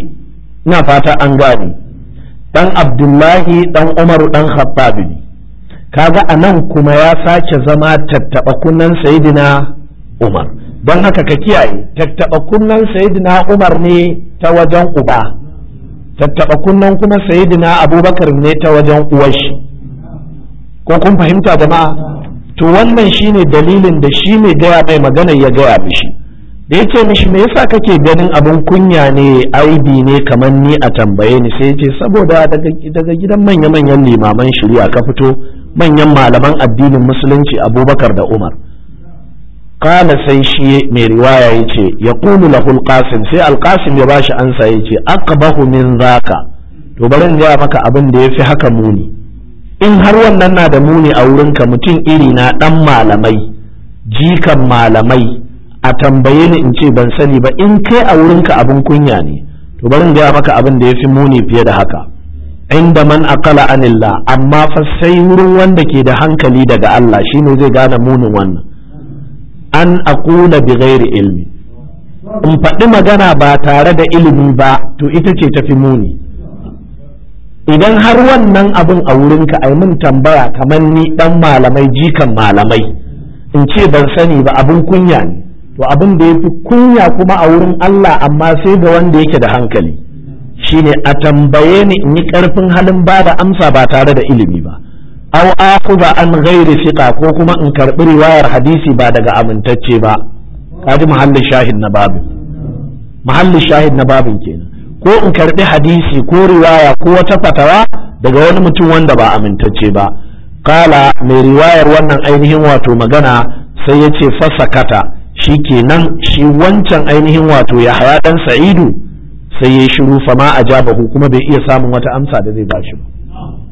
na fata an gane ɗan abdullahi ɗan umaru ɗan khattabi kaga a nan kuma ya sake zama tattaɓa kunnan sayidina umar don haka ka kiyaye tattaɓa kunnan sayidina umar ne ta wajen uba tattaɓa kunnan kuma sayidina abubakar ne ta wajen shi. ko kun fahimta jama'a to wannan shine dalilin da shi ne gaya mai magana ya gaya mishi da yake mishi me yasa kake ganin abin kunya ne aibi ne kamar ni a tambaye ni sai yace saboda daga gidan manya-manyan limaman shari'a ka fito manyan malaman addinin musulunci abubakar da umar kala sai shi mai riwaya ya ce ya kulu lahul qasim sai alqasim ya bashi ansa ya ce aqbahu min zaka to bari in gaya maka abin da ya fi haka muni in har wannan na da muni a wurinka mutum iri na dan malamai jikan malamai a tambaye ni in ce ban sani ba in kai a wurinka abin kunya ne to bari in gaya maka abin da ya fi muni fiye da haka inda man aqala anillah amma fa sai wurin wanda ke da hankali daga Allah shine zai gane munin wannan an aqula bi ghairi ilmi in faɗi magana ba tare da ilimi ba to ita ce tafi muni idan har wannan abin a wurinka ai mun tambaya kamar ni dan malamai jikan malamai in ce ban sani ba abin kunya ne to abin da yafi kunya kuma a wurin Allah amma sai ga wanda yake da hankali shine a tambaye ni in yi karfin halin ba da amsa ba tare da ilimi ba aw akhudha an ghairi fiqa ko kuma in karbi riwayar hadisi ba daga amintacce ba kaji muhallin shahid na babin muhallin shahid na babin kenan ko in karbi hadisi ko riwaya ko wata fatawa daga wani mutum wanda ba amintacce ba kala mai riwayar wannan ainihin wato magana sai ya ce fasakata shi kenan shi wancan ainihin wato ya haya dan sa'idu sai ya shiru fama a kuma bai iya samun wata amsa da zai bashi ba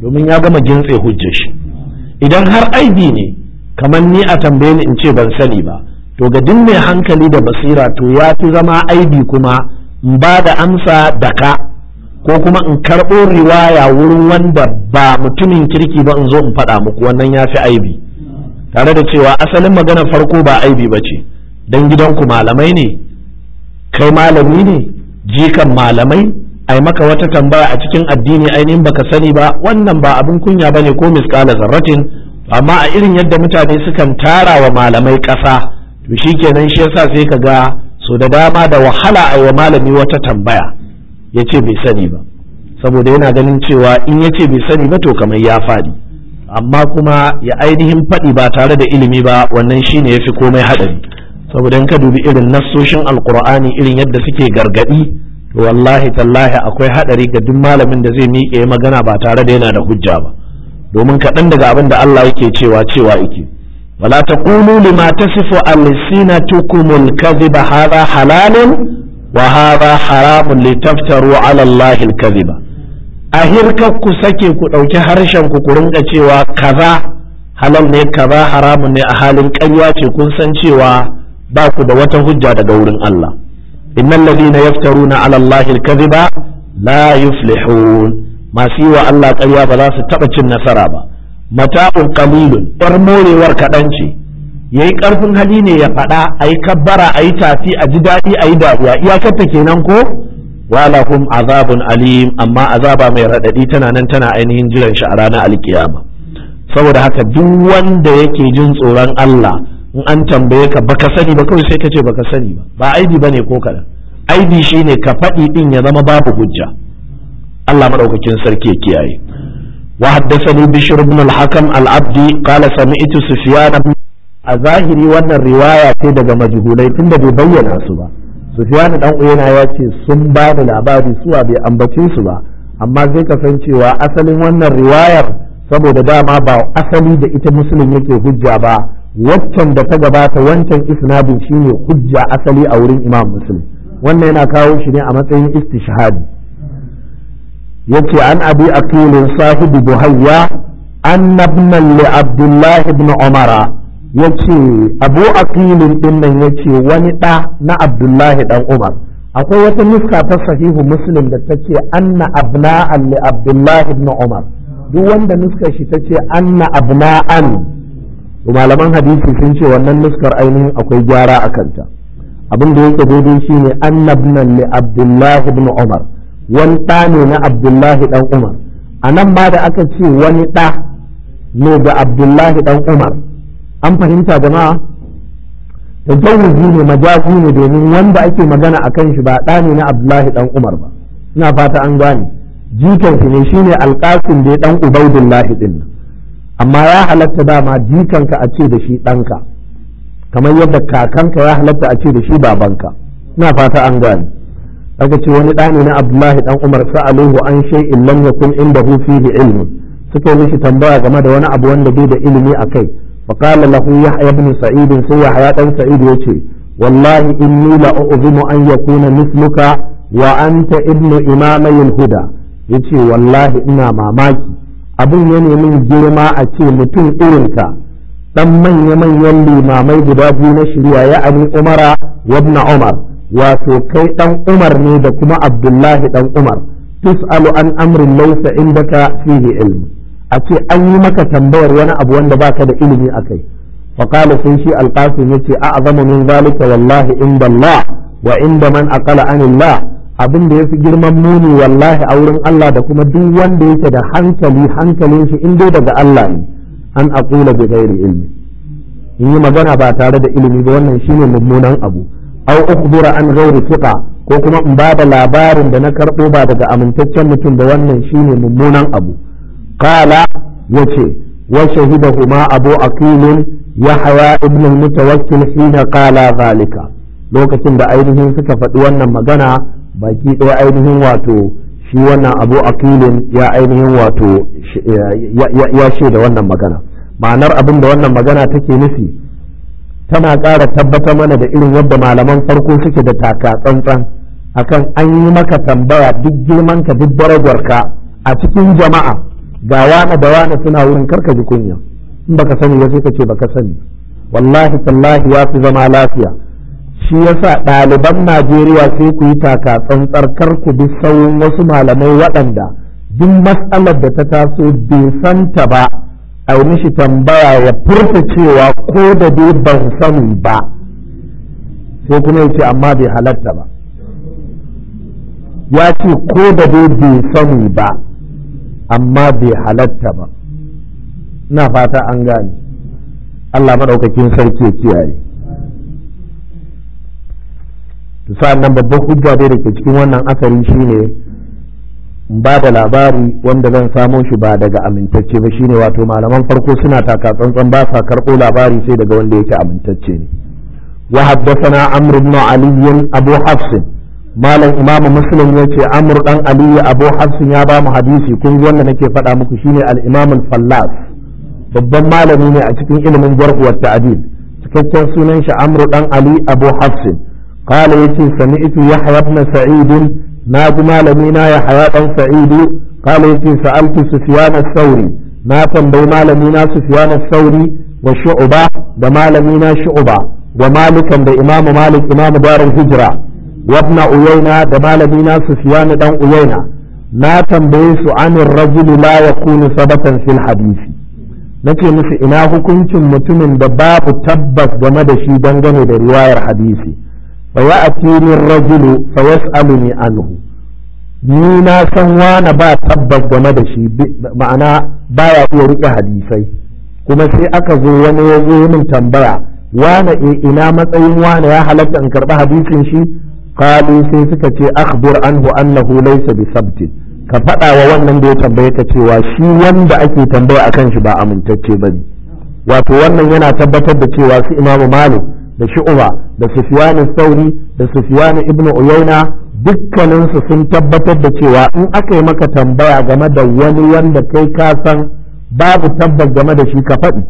domin ya gama gintse hujjar shi idan har aibi ne kamar ni a tambaye ni in ce ban sani ba to ga duk mai hankali da basira to ya fi zama aibi kuma in ba da amsa ka ko kuma in karɓo riwaya wurin wanda ba mutumin kirki ba in zo in faɗa muku wannan ya fi aibi tare da cewa asalin magana farko ba aibi ba ce don gidanku malamai ne kai malami ne jikan malamai ai maka wata tambaya a cikin addini ainihin baka sani ba wannan ba abin kunya ba ne ko misqala zarratin amma a irin yadda mutane sukan tara wa malamai ƙasa to shikenan shi yasa sai ka ga so da dama da wahala a wa malami wata tambaya ya ce bai sani ba saboda yana ganin cewa in ya ce bai sani ba to kamar ya faɗi amma kuma ya ainihin faɗi ba tare da ilimi ba wannan shine ya fi komai haɗari saboda in ka dubi irin nassoshin alkur'ani irin yadda suke gargaɗi wallahi tallahi akwai hadari ga duk malamin da zai miƙe magana ba tare da yana da hujja ba domin kaɗan daga abin da Allah yake cewa cewa yake wala taqulu lima tasifu alsinatukum alkadhiba hadha halalun wa hadha haramun litaftaru ala Allah alkadhiba ahirka ku sake ku dauki harshen ku ku rinka cewa kaza halal ne kaza haramun ne a halin ƙarya ce kun san cewa ba ku da wata hujja daga wurin Allah innal ladina yaftaruna ala allahi alkadhiba la yuflihun masu yi wa Allah ƙarya ba za su taɓa cin nasara ba mata'un Kabilu. Yar morewar kaɗan ce yayi ƙarfin hali ne ya faɗa ayi kabbara ayi tafi a ji daɗi ayi dariya iyakarta kenan ko wala azabun alim amma azaba mai raɗaɗi tana nan tana ainihin jiran shi a ranar alkiyama saboda haka duk wanda yake jin tsoron Allah in an tambaye ka baka sani ba kawai sai ka ce baka sani ba ba aibi bane ko kaɗan aibi shine ka faɗi din ya zama babu hujja Allah madaukakin sarki ya kiyaye wa haddathani bishr ibn al-hakam al-abdi qala sami'tu sufyan a zahiri wannan riwaya ce daga majhulai tunda bai bayyana su ba sufyan dan uyana ya ce sun ba da labari suwa bai ambace su ba amma zai kasancewa asalin wannan riwayar saboda dama ba asali da ita musulun yake hujja ba waccan da ta gabata wancan isnadin shine hujja asali a wurin imam muslim wannan yana kawo shi ne a matsayin istishhadi yace an abi aqil sahibi buhayya an ibn li abdullah ibn umara yace abu aqil din nan yace wani ɗa na abdullahi dan umar akwai wata nuska ta sahihu muslim da take anna abna'an li abdullah ibn umar duk wanda nuskar shi tace anna abna'an malaman hadisi sun ce wannan nuskar ainihin akwai gyara a kanta abin da yake daidai shine annabnan li abdullahi ibn umar wani ɗa ne na abdullahi dan umar a nan ma da aka ce wani ɗa ne ga abdullahi dan umar an fahimta jama'a tajawuzi ne majazi ne domin wanda ake magana a kan shi ba ɗa ne na abdullahi dan umar ba ina fata an gane jikan shi ne shine alƙasim da ya dan ubaidullahi din amma ya halatta dama jikanka a ce da shi ɗanka kamar yadda kakanka ya halatta a ce da shi babanka na fata an gane daga ce wani ɗani na abdullahi ɗan umar sa'aluhu an illan lam yakun da fihi ilmi suka yi mishi tambaya game da wani abu wanda bai da ilimi a kai فقال له يحيى بن سعيد سي يحيى بن سعيد يتي والله إني لأعظم أن يكون مثلك وأنت ابن إمامي الهدى يتي wallahi ina mamaki. abin ya nemi girma a ce mutum irinka dan manya-manyan limamai guda biyu na shirya ya ani umara wabna umar wato kai dan umar ne da kuma abdullahi dan umar tus'alu an amrin laysa indaka fihi ilm a ce an yi maka tambayar wani abu wanda baka da ilimi akai wa qala sun shi alqasim yace a'zamu min zalika wallahi inda Allah wa inda man aqala anillah abin da ya fi girman muni wallahi a wurin Allah da kuma duk wanda yake da hankali hankalin shi in dai daga Allah ne an aqula bi ghairi ilmi in yi magana ba tare da ilimi ba wannan shine mummunan abu au ukhbira an ghairi thiqa ko kuma in ba da labarin da na karbo ba daga amintaccen mutum da wannan shine mummunan abu qala yace wa kuma abu aqil yahya ibn al-mutawakkil hina qala zalika lokacin da ainihin suka faɗi wannan magana baki ɗaya ainihin wato shi wannan abu akilin ya ainihin wato ya ce da wannan magana ma'anar abin da wannan magana take nufi tana ƙara tabbata mana da irin yadda malaman farko suke da taka tsantsan akan an yi maka tambaya duk girman ka duk baragwarka a cikin jama'a ga wani da wani suna wurin karka ji kunya in baka sani ya sai ka ce baka sani wallahi tallahi ya fi zama lafiya shi yasa ɗaliban najeriya sai ku yi taka tsantsar kar ku bi sauyin wasu malamai waɗanda duk matsalar da ta taso bai santa ba a shi tambaya ya furta cewa ko da dai ban sani ba sai kuma ya ce amma bai halatta ba ya ce ko da dai bai sani ba amma bai halatta ba na fata an gane Allah maɗaukakin sarki ya kiyaye sa'an nan babban hujja dai da ke cikin wannan asari shine ba da labari wanda zan samo shi ba daga amintacce ba shine wato malaman farko suna taka tsantsan ba sa karɓo labari sai daga wanda yake amintacce ne wa haddathana amr ibn ali abu hafs malam imamu muslim yace amr dan ali abu hafs ya ba mu hadisi kun ji wanda nake faɗa muku shine al-imam fallas babban malami ne a cikin ilimin jarh wa cikakken sunan shi amr dan ali abu hafs qala yace sami'tu yahya ibn sa'id na ji malami na yahya dan sa'id qala yace sa'altu sauri na tambayi malamina na sufyan sauri wa shi'uba da malami shi'uba shu'ba wa malikan da imamu malik imamu darul hijra wa ibn uyayna da malamina na sufyan dan uyayna na tambaye su anin rajulu la yakunu sabatan fil hadisi nake musu ina hukuncin mutumin da babu tabbas game da shi dangane da riwayar hadisi ba fa ya'tini ar-rajulu fa amini anhu ni na san wana ba tabbas game da shi ma'ana baya iya rike hadisai kuma sai aka zo wani ya zo min tambaya wana e ina matsayin wane ya halatta in karbi hadisin shi qalu sai suka ce akhbir anhu annahu laysa bi ka faɗa wa wannan da ya tambaye ka cewa shi wanda ake tambaya akan shi ba amintacce ba bane wato wannan yana tabbatar da cewa su imamu malik da shu'uba da sufyan sauri da sufyan ibnu uyayna dukkaninsu sun tabbatar da cewa in aka yi maka tambaya game da wani wanda kai ka san babu tabbas game da shi ka faɗi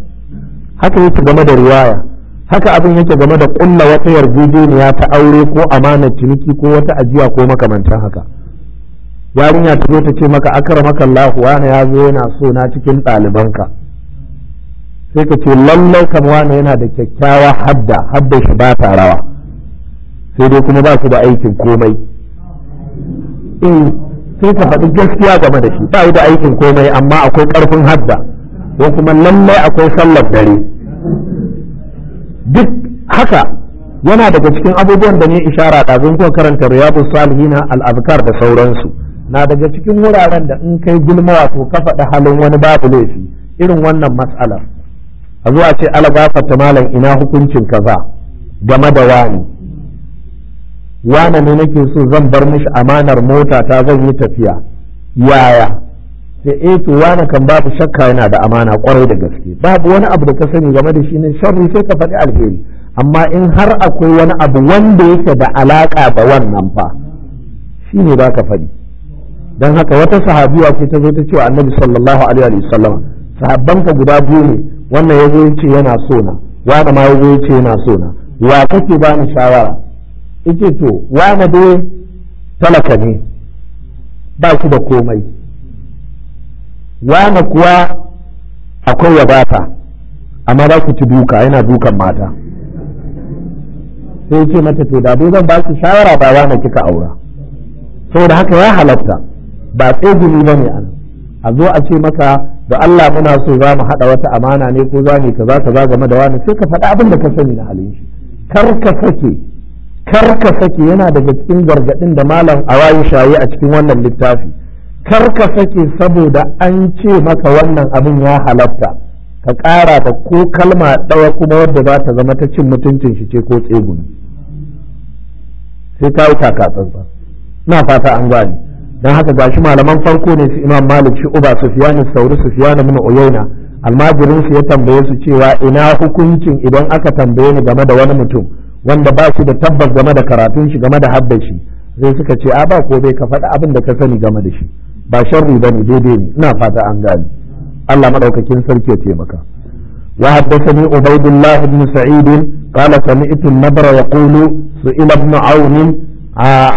haka yake game da riwaya haka abin yake game da ƙulla wata yarjejeniya ta aure ko amanar ciniki ko wata ajiya ko makamantan haka yarinya ta zo ta ce maka akara maka Allah wani ya zo yana so na cikin ɗalibanka sai ka ce lallai kamwa yana da kyakkyawa hadda hadda shi ba ta rawa sai dai kuma ba su da aikin komai eh sai ka faɗi gaskiya game da shi ba da aikin komai amma akwai ƙarfin hadda ko kuma lallai akwai sallar dare duk haka yana daga cikin abubuwan da ne ishara ɗazun ko karanta riyadu salihina al'abkar da sauransu na daga cikin wuraren da in kai gulma wato ka faɗi halin wani babu laifi irin wannan matsalar a zuwa ce ala malam ina hukuncin kaza game da wani wani ne nake so zan bar mishi amanar mota ta zan yi tafiya yaya sai eh to wani kan babu shakka yana da amana kwarai da gaske babu wani abu da ka sani game da shi ne sharri sai ka faɗi alheri amma in har akwai wani abu wanda yake da alaka da wannan fa shi ne za ka faɗi don haka wata sahabiya ce ta zo ta ce wa annabi sallallahu alaihi wa sallam sahabbanka guda biyu ne wannan ya ce yana so na wani ma ya zo ce yana so na wa kake ba ni shawara ita to na dai talaka ne ba shi da komai na kuwa akwai wadata amma za ku ci duka yana dukan mata sai ce mata to da dai zan ba ki shawara ba wani kika aura saboda haka ya halatta ba tsegumi ba ne a zo a ce maka da Allah muna so za mu haɗa wata amana ne ko za mu kaza kaza game da wani sai ka faɗa abin da ka sani na halin shi kar sake kar sake yana daga cikin gargaɗin da malam awayi shayi a cikin wannan littafi karka sake saboda an ce maka wannan abin ya halatta ka ƙara da ko kalma ɗaya kuma wadda za ta zama ta cin mutuncin shi ce ko tsegumi sai ta yi kaka na fata an gane don haka gashi malaman farko ne su imam malik shi uba sufyan sauri sufyan ibn uyayna almajirin su ya tambaye su cewa ina hukuncin idan aka tambaye ni game da wani mutum wanda ba shi da tabbas game da karatun shi game da haddar shi zai suka ce a ba ko bai ka faɗa abin da ka sani game da shi ba sharri bane daidai ne ina fata an gane Allah madaukakin sarki ya taimaka وحدثني عبيد الله بن سعيد قال سمعت النبر su ilabnu aunin عون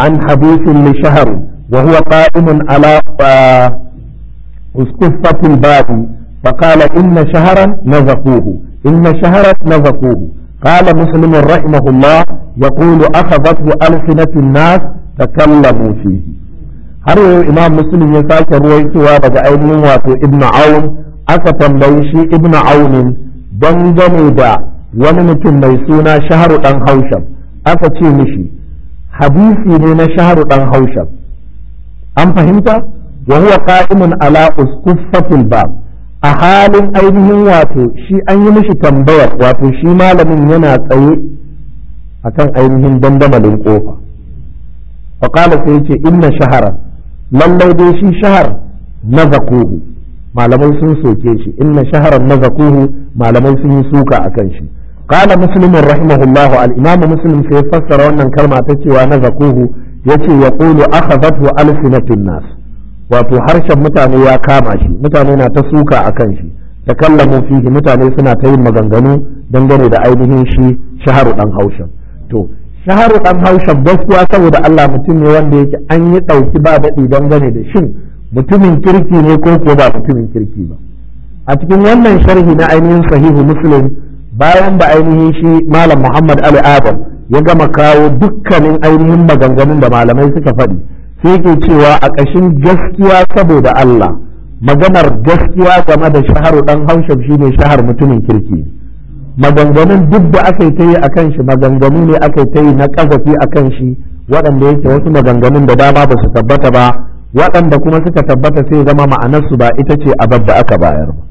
عن حديث لشهر wa huwa qa'imun ala uskufatil babi فقال إن شهرا نزقوه إن شهرا نزقوه قال مسلم رحمه الله يقول أخذته ألسنة الناس تكلموا فيه har yau imam muslim ya sake ruwaitowa daga ainihin wato ibn aun aka tambayi shi ibn aunin dangane da wani mutum mai suna shaharu dan haushab aka ce mishi hadisi ne na shaharu dan haushab an fahimta wa huwa qa'imun ala usquffatil bab a halin ainihin wato shi an yi mishi tambayar wato shi malamin yana tsaye akan ainihin dandamalin kofa fa qala sai yace inna shahara lallai dai shi shahar nazakuhu malamai sun soke shi inna shaharan nazakuhu malamai sun yi suka akan shi قال مسلم رحمه الله الإمام مسلم في فسر أن كلمة تشوى نزقوه yace kulu akhadathu alsinatun nas wato harshen mutane ya kama shi mutane na ta suka akan shi ta kallamu fihi mutane suna ta yin maganganu dangane da ainihin shi shaharu dan haushan to shaharu dan haushan gaskiya saboda Allah mutum ne wanda yake an yi dauki ba dadi dangane da shin mutumin kirki ne ko ko ba mutumin kirki ba a cikin wannan sharhi na ainihin sahihu muslim bayan da ainihin shi malam muhammad ali adam ya gama kawo dukkanin ainihin maganganun da malamai suka faɗi sai ke cewa a ƙashin gaskiya saboda Allah maganar gaskiya game da shaharu ɗan haushab shine shahar mutumin kirki maganganun duk da aka yi ta yi a kan shi maganganu ne aka yi ta yi na ƙazafi a kan shi waɗanda yake wasu maganganun da dama ba su tabbata ba waɗanda kuma suka tabbata sai zama ma'anarsu ba ita ce abab da aka bayar ba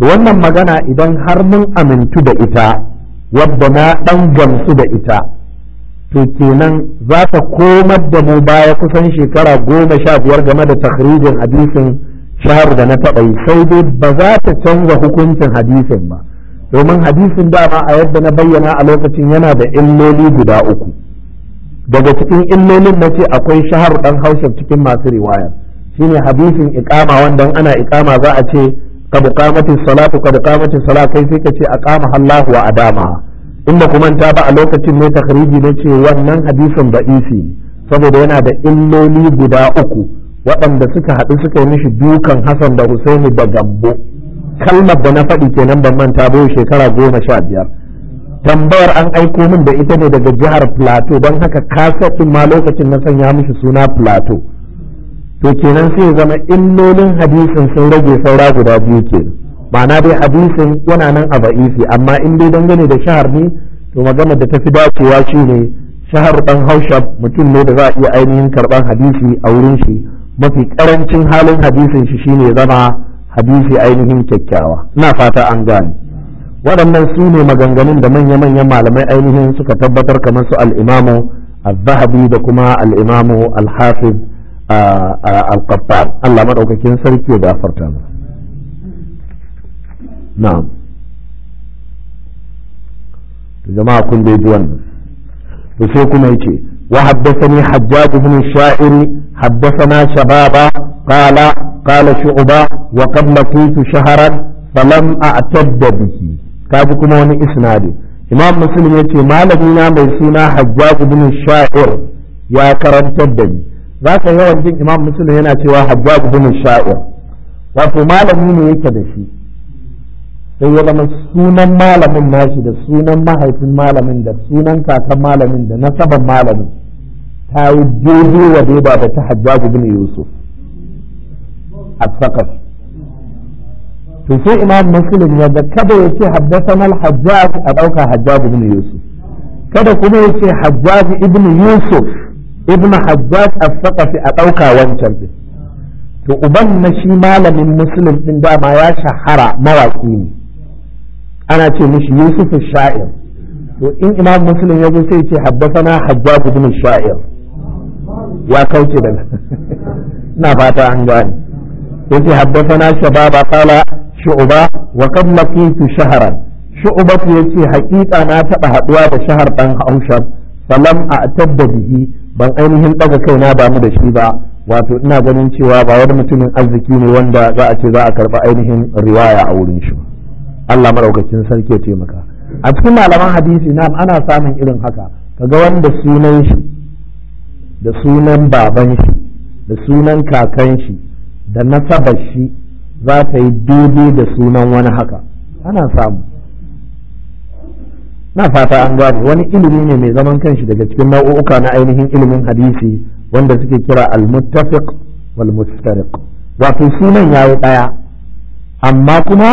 to wannan magana idan har mun amintu da ita wadda na ɗan gamsu da ita to kenan za ta komar da mu baya kusan shekara goma sha biyar game da takhrijin hadisin shahar da na taɓa yi sai dai ba za ta canza hukuncin hadisin ba domin hadisin dama a yadda na bayyana a lokacin yana da illoli guda uku daga cikin illolin na ce akwai shahar ɗan haushe cikin masu riwaya shine hadisin ikama wanda ana ikama za a ce ka qamatis salatu ka qamatis salatu kai sai ka ce kama Allahu wa adama in ba kuma ta ba a lokacin ne takhriji ne ce wannan hadisin isi saboda yana da illoli guda uku waɗanda suka haɗu suka yi mishi dukan Hassan da Husaini da Gambo kalmar da na faɗi kenan ban manta ba shekara goma sha biyar tambayar an aiko min da ita ne daga jihar Plateau don haka kasatin ma lokacin na sanya mishi suna Plateau to kenan sai zama illolin hadisin sun rage saura guda biyu kenan ma'ana dai hadisin yana nan a ba'isi amma in dai dangane da shahar ne to magana da tafi dacewa shi ne shahar dan haushab mutum ne da za a iya ainihin karban hadisi a wurin shi mafi karancin halin hadisin shi shine zama hadisi ainihin kyakkyawa ina fata an gane waɗannan su ne maganganun da manya-manyan malamai ainihin suka tabbatar kamar su al'imamu imamu al-zahabi da kuma al-imamu al-hafiz al-qattan Allah madaukakin sarki ya gafarta mu na'am jama'a kun dai ji wannan sai kuma yace wa haddathani hajjaj ibn sha'iri haddathana shababa qala qala shu'ba wa qad laqitu shahran falam a'tadda bihi kaji kuma wani isnadi imam muslim yace malami na mai suna hajjaj ibn sha'ir ya karantar da ni za ka yawan jin imam musulun yana cewa hajjaj bin sha'ir wato malami ne yake da shi sai ya zama sunan malamin nashi da sunan mahaifin malamin da sunan kakan malamin da nasaban malamin ta yi daidai wa daida da ta hajjaj bin yusuf a sakas to sai imam musulun ya ga kada ya ce haddasa al-hajjaj a ɗauka hajjaj bin yusuf kada kuma ya ce hajjaj ibn yusuf ibn hajjaj as a ɗauka wancan din to shi malamin muslim din dama ya shahara mawaki ne ana ce mishi yusuf sha'ir to in imam muslim ya zo sai ce haddasana hajjaj sha'ir ya kauce da na fata an gane yace haddasana shababa qala shu'ba wa qad laqitu shahran haƙiƙa na taɓa haɗuwa da shahar ɗan haushab a tadda ban ainihin ɗaga kaina ba mu da shi ba wato ina ganin cewa ba wani mutumin arziki ne wanda za a ce za a karɓi ainihin riwaya a wurin shi Allah maɗaukakin sarki ya taimaka a cikin malaman hadisi na ana samun irin haka kaga wanda sunan shi da sunan baban shi da sunan kakan shi da nasabar shi za ta yi daidai da sunan wani haka ana samu na fata an gane wani ilimi ne mai zaman kanshi daga cikin nau'uka na ainihin ilimin hadisi wanda suke kira al-muttafiq wal mustariq wato sunan yayi daya amma kuma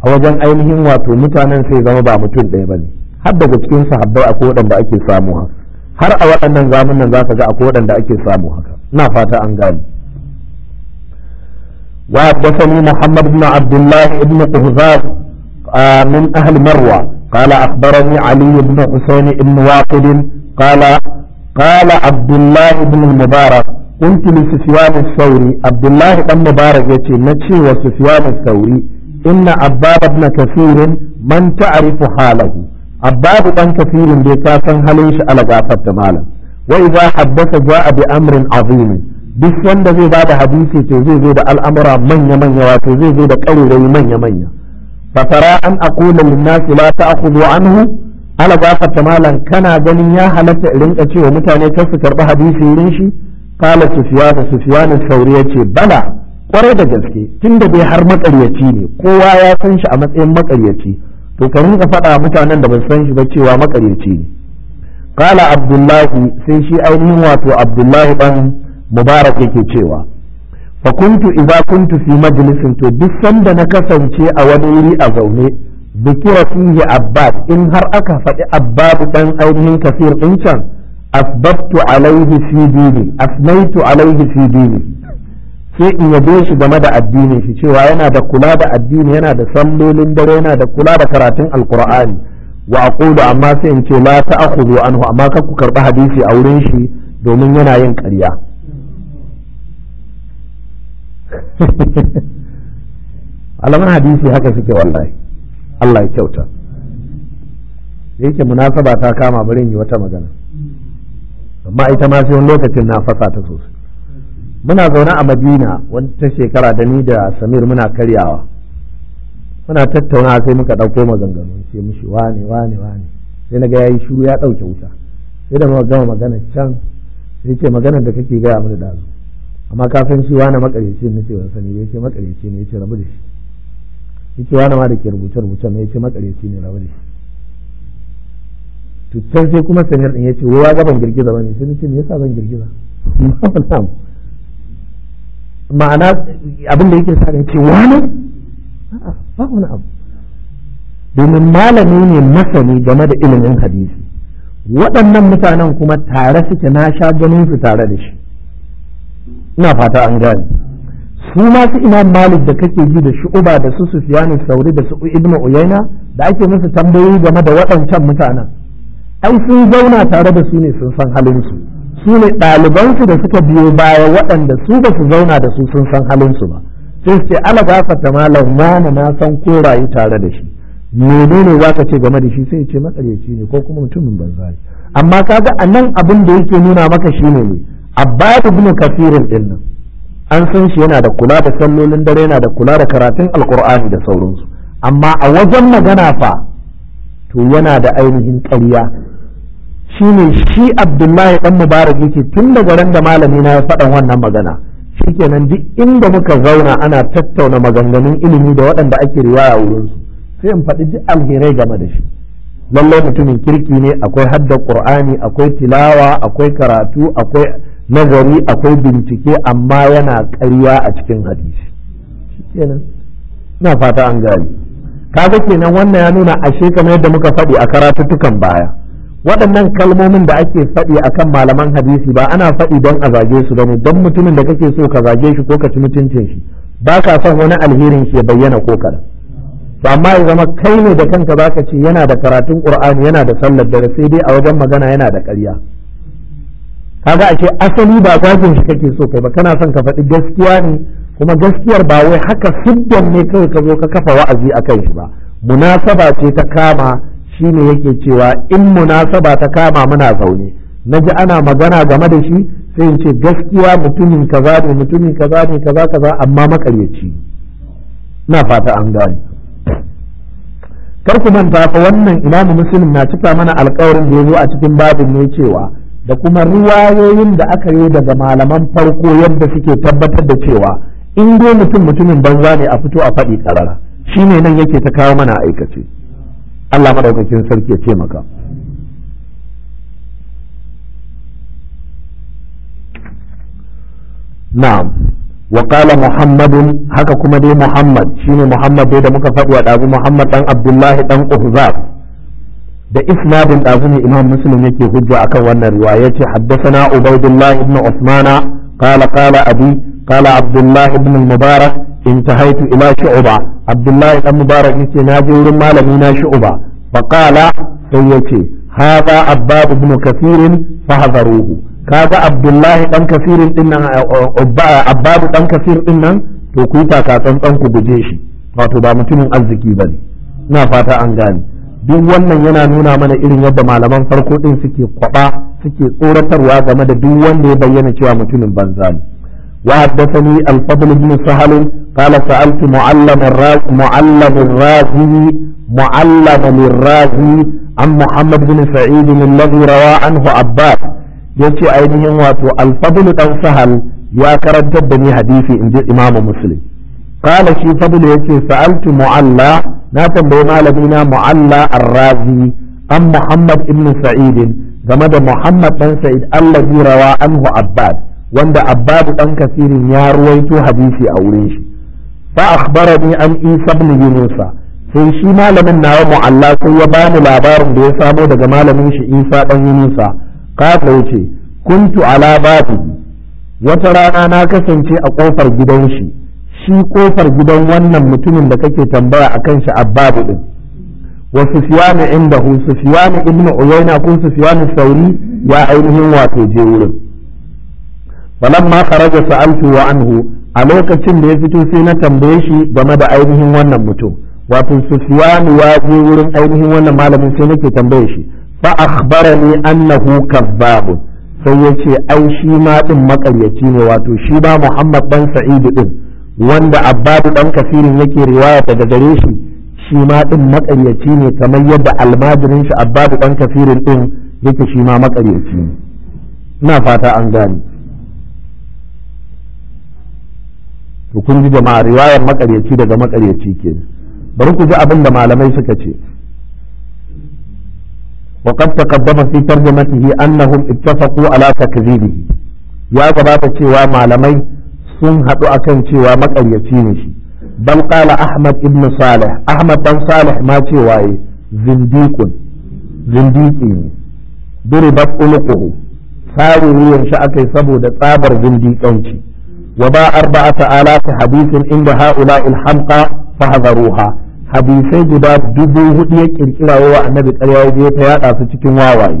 a wajen ainihin wato mutanen sai zama ba mutum ɗaya bane har daga cikin sahabbai akwai waɗanda ake samu haka har a waɗannan zamanin za ka ga akwai waɗanda ake samu haka na fata an gane وحدثني محمد muhammad عبد الله ibn قهزاز من أهل مروة قال أخبرني علي بن حسين بن واقد قال قال عبد الله بن المبارك قلت لسفيان الثوري عبد الله بن مبارك يتي نتشي وسفيان الثوري إن عباب بن كثير من تعرف حاله عباب بن كثير بكاسا هليش على غافة مالا وإذا حدث جاء بأمر عظيم duk wanda zai ba da hadisi to zai zo da al'amura manya-manya wato zai zo da ƙarurai manya-manya fatara an aqula lin ta la ta'khudhu anhu ala gafata malan kana ganin ya halatta rinka cewa mutane kar karba karbi hadisi wurin shi qala sufyan sufyan sauri yace bala kwarai da gaske tunda bai har makaryaci ne kowa ya san shi a matsayin makaryaci to ka rinka faɗa mutanen da ba san shi ba cewa makaryaci ne kala abdullahi sai shi ainihin wato abdullahi dan mubarak yake cewa fa kuntu idza kuntu fi majlisin to duk sanda na kasance a wani wuri a zaune bikira fihi abbas in har aka faɗi abbas dan ainihin kasir din can asbabtu alaihi fi dini asnaitu alaihi fi dini sai in yabe shi game da addinin shi cewa yana da kula da addini yana da sallolin dare yana da kula da karatun alqur'ani wa aqulu amma sai in ce la ta'khudhu anhu amma ka ku karba hadisi a wurin shi domin yana yin ƙarya alamun hadisi haka suke wallahi Allah ya kyauta da yake munasaba ta kama bari yi wata magana amma ita ma sai lokacin na fasa ta sosai muna zaune a madina wata shekara da ni da samir muna karyawa muna tattauna sai muka ɗauko maganganu ce mushi wane wane wane sai na ga yayi shiru ya ɗauke wuta sai da muka gama magana can sai ce magana da kake gaya mini dazu amma ka san cewa na makareci na ce sani ya ce makarici ne ya ce rabu da shi ya ce wani ma da ke rubuce rubuce ne ya ce makarici ne rabu da shi to can sai kuma sanyar ɗin ya ce wa gaban girgiza ba ne sai ce me yasa zan girgiza ma'ana abin da yake sa ne ce wani ba wani abu domin malami ne masani game da ilimin hadisi waɗannan mutanen kuma tare suke na sha ganin su tare da shi ina fata an gane su masu imam malik da kake ji da shu'uba da su sufiyanu sauri da su ibnu uyaina da ake musu tambayoyi game da waɗancan mutanen ai sun zauna tare da su ne sun san halinsu su ne ɗalibansu da suka biyo baya waɗanda su ba su zauna da su sun san halinsu ba sai su ce ala gafarta malam wani na san ko rayu tare da shi menene za ka ce game da shi sai ya ce matsalaci ne ko kuma mutumin banzari amma kaga a nan abin da yake nuna maka shi ne abbas ibn kafirin din an san shi yana da kula da sallolin dare yana da kula da karatun alkur'ani da sauransu amma a wajen magana fa to yana da ainihin ƙarya shi ne shi abdullahi dan mubarak yake tun da ran da malami na ya faɗan wannan magana shikenan duk inda muka zauna ana tattauna maganganun ilimi da waɗanda ake riwaya wurinsu sai in faɗi duk alherai game da shi lallai mutumin kirki ne akwai hadda qur'ani akwai tilawa akwai karatu akwai nazari akwai bincike amma yana ƙarya a cikin hadisi kenan na fata an gani kaga kenan wannan ya nuna ashe kamar yadda muka faɗi a karatuttukan baya waɗannan kalmomin da ake faɗi akan malaman hadisi ba ana faɗi don a zage su gani don mutumin da kake so ka zage shi ko ka ci mutuncin shi ba ka son wani alherin shi ya bayyana ko kada to amma ya zama kai ne da kanka zaka ce yana da karatun qur'ani yana da sallar dare sai dai a wajen magana yana da ƙarya kaga ashe asali ba gwajin shi kake so kai ba kana son ka faɗi gaskiya ne kuma gaskiyar ba wai haka siddan ne kawai ka zo ka kafa wa'azi a kan shi ba munasaba ce ta kama shi shine yake cewa in munasaba ta kama muna zaune na ji ana magana game da shi sai in ce gaskiya mutumin kaza ne mutumin kaza ne kaza kaza amma makaryaci na fata an gane kar ku manta fa wannan imamu muslim na cika mana alƙawarin da ya zo a cikin babin ne cewa da kuma riwayoyin da aka yi daga malaman farko yadda suke tabbatar da cewa in dai mutum mutumin banza ne a fito a faɗi ƙarara ne nan yake ta kawo mana aikace Allah madaukakin sarki ya maka na'am wa qala muhammadun haka kuma dai muhammad shine muhammad dai da muka faɗi wa ɗazu muhammad ɗan abdullahi ɗan uhzab da isnadin ɗazuni imam muslim yake hujja akan wannan riwaya yace haddathana ubaidullah ibn usman qala qala abi qala abdullah ibn mubarak intahaitu ila shu'ba abdullah ibn mubarak yace na je wurin malami na shu'ba fa qala sai yace hadha abbab ibn kathir fahadharuhu kaga abdullah dan kathir din nan abbab dan kathir din nan to ku ta ka tsantsan ku guje shi wato ba mutumin arziki bane ina fata an gane duk wannan yana nuna mana irin yadda malaman farko din suke kwaba suke tsoratarwa game da duk wanda ya bayyana cewa mutumin banza ne wa haddathani al-fadl ibn sahal qala sa'altu mu'allam ar-razi mu'allam ar-razi mu'allam ar-razi an muhammad bin sa'id alladhi rawa anhu abbas yace ainihin wato al-fadl dan sahal ya karantar da ni hadisi inji imamu muslim qala shi fadl yace sa'altu mu'alla na tambayi malami na mu'alla arrazi an muhammad ibn sa'id game da muhammad dan sa'id allazi rawa anhu abbad wanda abbad dan kasirin ya ruwaito hadisi a wurin shi fa akhbarani an isa ibn yunus sai shi malamin nawa mu'alla sai ya bani labarin da ya samo daga malamin shi isa dan yunus ka yace kuntu ala babi wata rana na kasance a kofar gidan shi shi kofar gidan wannan mutumin da kake tambaya a kan shi ababu din wa sufyan indahu sufyan ibn uyayna ko sufyan sauri ya ainihin wato je wurin falamma kharaja sa'altu wa anhu a lokacin da ya fito sai na tambaye shi game da ainihin wannan mutum wato sufyan ya je wurin ainihin wannan malamin sai nake tambaye shi fa akhbarani annahu kazzabun sai yace ai shi ma din makaryaci ne wato shi ba Muhammad dan Sa'idu din wanda abbadu dan kasirin yake riwaya daga gare shi shi ma din makaryaci ne kamar yadda almajirin shi abbadu dan kasirin din yake shi ma makaryaci ne ina fata an gane to kun ji jama'a riwayar makaryaci daga makaryaci kenan bari ku ji abin da malamai suka ce وقد تقدم في ترجمته أنهم اتفقوا على تكذيبه يا جماعة cewa malamai. sun haɗu kan cewa makaryaci ne shi bal qala ahmad ibn salih ahmad dan salih ma cewa waye zindiqun zindiki ne duribat uluquhu sare ruwan shi akai saboda tsabar zindiƙanci wa ba arba'ata alaf hadisin inda haula il hamqa fahadharuha hadisai guda dubu hudu ya kirkira wa annabi ƙarya ya ta yada su cikin wawaye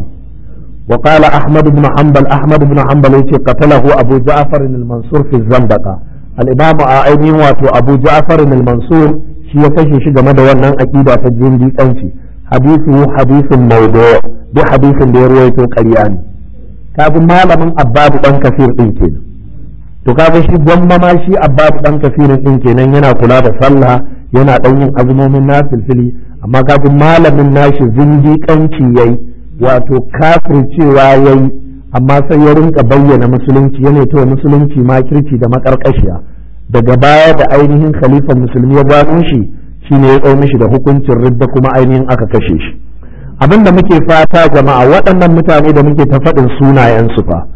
وقال احمد بن حنبل احمد بن حنبل يتي قتله ابو جعفر المنصور في الزندقه الامام ايني واتو ابو جعفر المنصور شي يكشي شي game da wannan aqida ta jinji tsanci hadithu hadithun mawdu bi hadithin da yaro yake ƙarya ne kafi malamin abbab dan kafir din kenan to kafi shi gwamma ma shi abbab dan kafir din kenan yana kula da sallah yana dan yin azumomin nafil fili amma kafi malamin nashi jinji tsanci yayi wato kafircewa yayi amma sai ya rinka bayyana musulunci yana ta musulunci ma kirki da makarkashiya daga baya da ainihin khalifan musulmi ya gano shi shine ya tsau mishi da hukuncin ridda kuma ainihin aka kashe shi abin da muke fata jama'a waɗannan mutane da muke ta faɗin sunayensu fa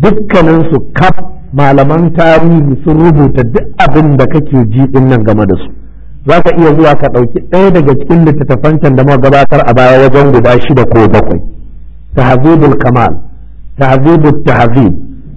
dukkaninsu kaf malaman tarihi sun rubuta duk abin da kake ji ɗin nan game da su za ka iya zuwa ka ɗauki ɗaya daga cikin littattafan can da gabatar a baya wajen guda shida ko bakwai tahzibul kamal tahzibul tahzib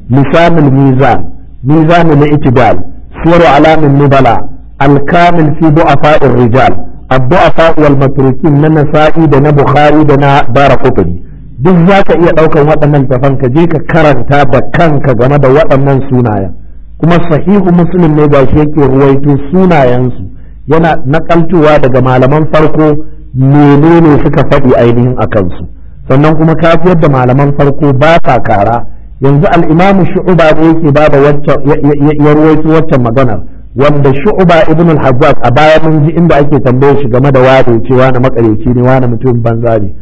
lisanul mizan mizanul itidal siyarwa alamin nubala alkamil a du'afa'ir rijal addu'afa wal matrukin na nasa'i da na bukhari da na bara kutuni duk za ka iya ɗaukan waɗannan tafan ka je ka karanta da kanka game da waɗannan sunayen kuma sahihu muslim ne ba shi yake ruwaito sunayensu yana nakaltuwa daga malaman farko menene suka faɗi ainihin a kansu sannan kuma kafiyar da malaman farko ba ta kara yanzu al'imamu shu'uba ne yake ba da ya waccan maganar wanda shu'uba ibn al-hajjaj a baya mun ji inda ake tambaye shi game da wado cewa na makareci ne wani mutum banza ne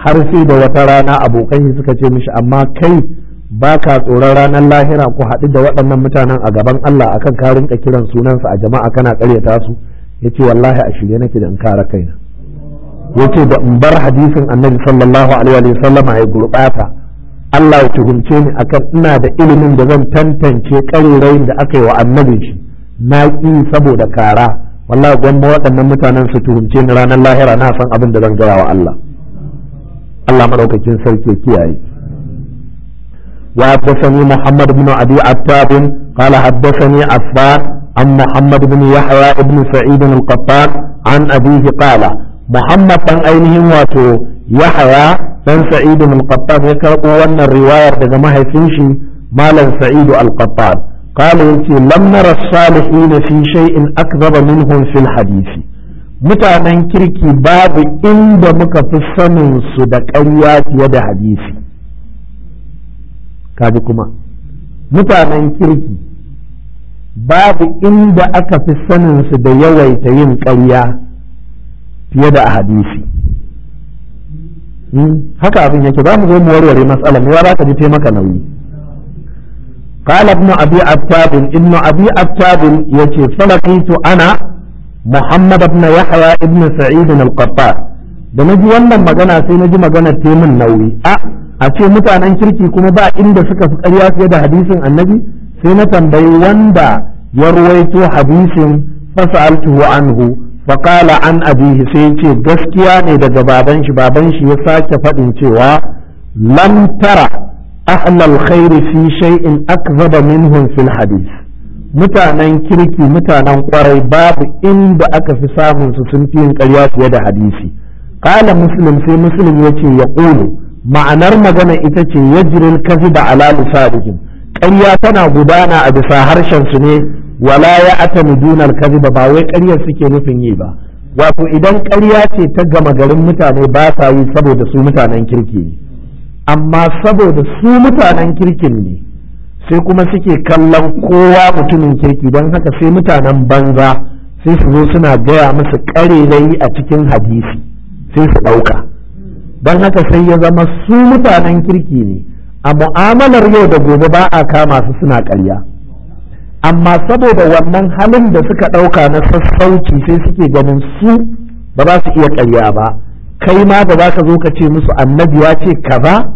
har sai da wata rana abokan shi suka ce mishi amma kai ba ka tsoron ranar lahira ku haɗu da waɗannan mutanen a gaban Allah akan ka kiran sunansa a jama'a kana ƙaryata su yace wallahi a shirye nake da in kare kaina yace da in bar hadisin annabi sallallahu alaihi wa sallama ya gurbata Allah ya tuhumce ni akan ina da ilimin da zan tantance ƙarerayin da aka yi wa annabin shi na ƙi saboda kara wallahi gwamma waɗannan mutanen su tuhumce ni ranar lahira na san abin da zan gaya wa Allah Allah maɗaukakin sarki kiyaye وحدثني محمد بن أبي عتاب قال حدثني عفان عن محمد بن يحيى بن سعيد القطان عن أبيه قال محمد بن أينهم واتو يحيى بن سعيد القطان يكرقوا أن الرواية بجماعة فيشي مالا سعيد القطان قال يلتي لم نرى الصالحين في شيء أكذب منهم في الحديث mutanen kirki babu inda muka fi sanin su da ƙarya fiye da hadisi kaji kuma mutanen kirki babu inda aka fi sanin su da yawaita yin ƙarya fiye da hadisi hmm? haka abin yake ba mu zo mu warware matsalar mu za ka ji te maka nauyi قال ابن أبي عتاب ابن أبي عتاب يتي فلقيت أنا محمد بن يحيى ابن سعيد القطان da naji wannan magana sai na ji magana te min nauyi a a ce mutanen kirki kuma ba inda suka fi ƙarya fiye da hadisin annabi sai na tambayi wanda ya ruwaito hadisin fasa'altuhu anhu faƙala an abihi sai ce gaskiya ne daga baban shi baban shi ya sake faɗin cewa lam tara ahlal khairi fi shay'in akzaba minhum fil hadith mutanen kirki mutanen kwarai babu inda aka fi samun su sun fi yin ƙarya fiye da hadisi qala muslim sai muslim yace yaqulu ma'anar magana ita ce yajril kadhiba ala lisanihim ƙarya tana gudana a bisa harshen su ne wala ya ata mudunar kadhiba ba wai ƙaryar suke nufin yi ba wato idan ƙarya ce ta gama garin mutane ba sa yi saboda su mutanen kirki ne amma saboda su mutanen kirkin ne sai kuma suke kallon kowa mutumin kirki don haka sai mutanen banza sai su zo suna gaya musu ƙarerayi a cikin hadisi sai su ɗauka don haka sai ya zama su mutanen kirki ne a mu'amalar yau da gobe ba a kama su suna ƙarya amma saboda wannan halin da suka ɗauka na sassauci sai suke ganin su ba za su iya karya ba kai ma ba za ka zo ka ce musu annabi ya ce kaza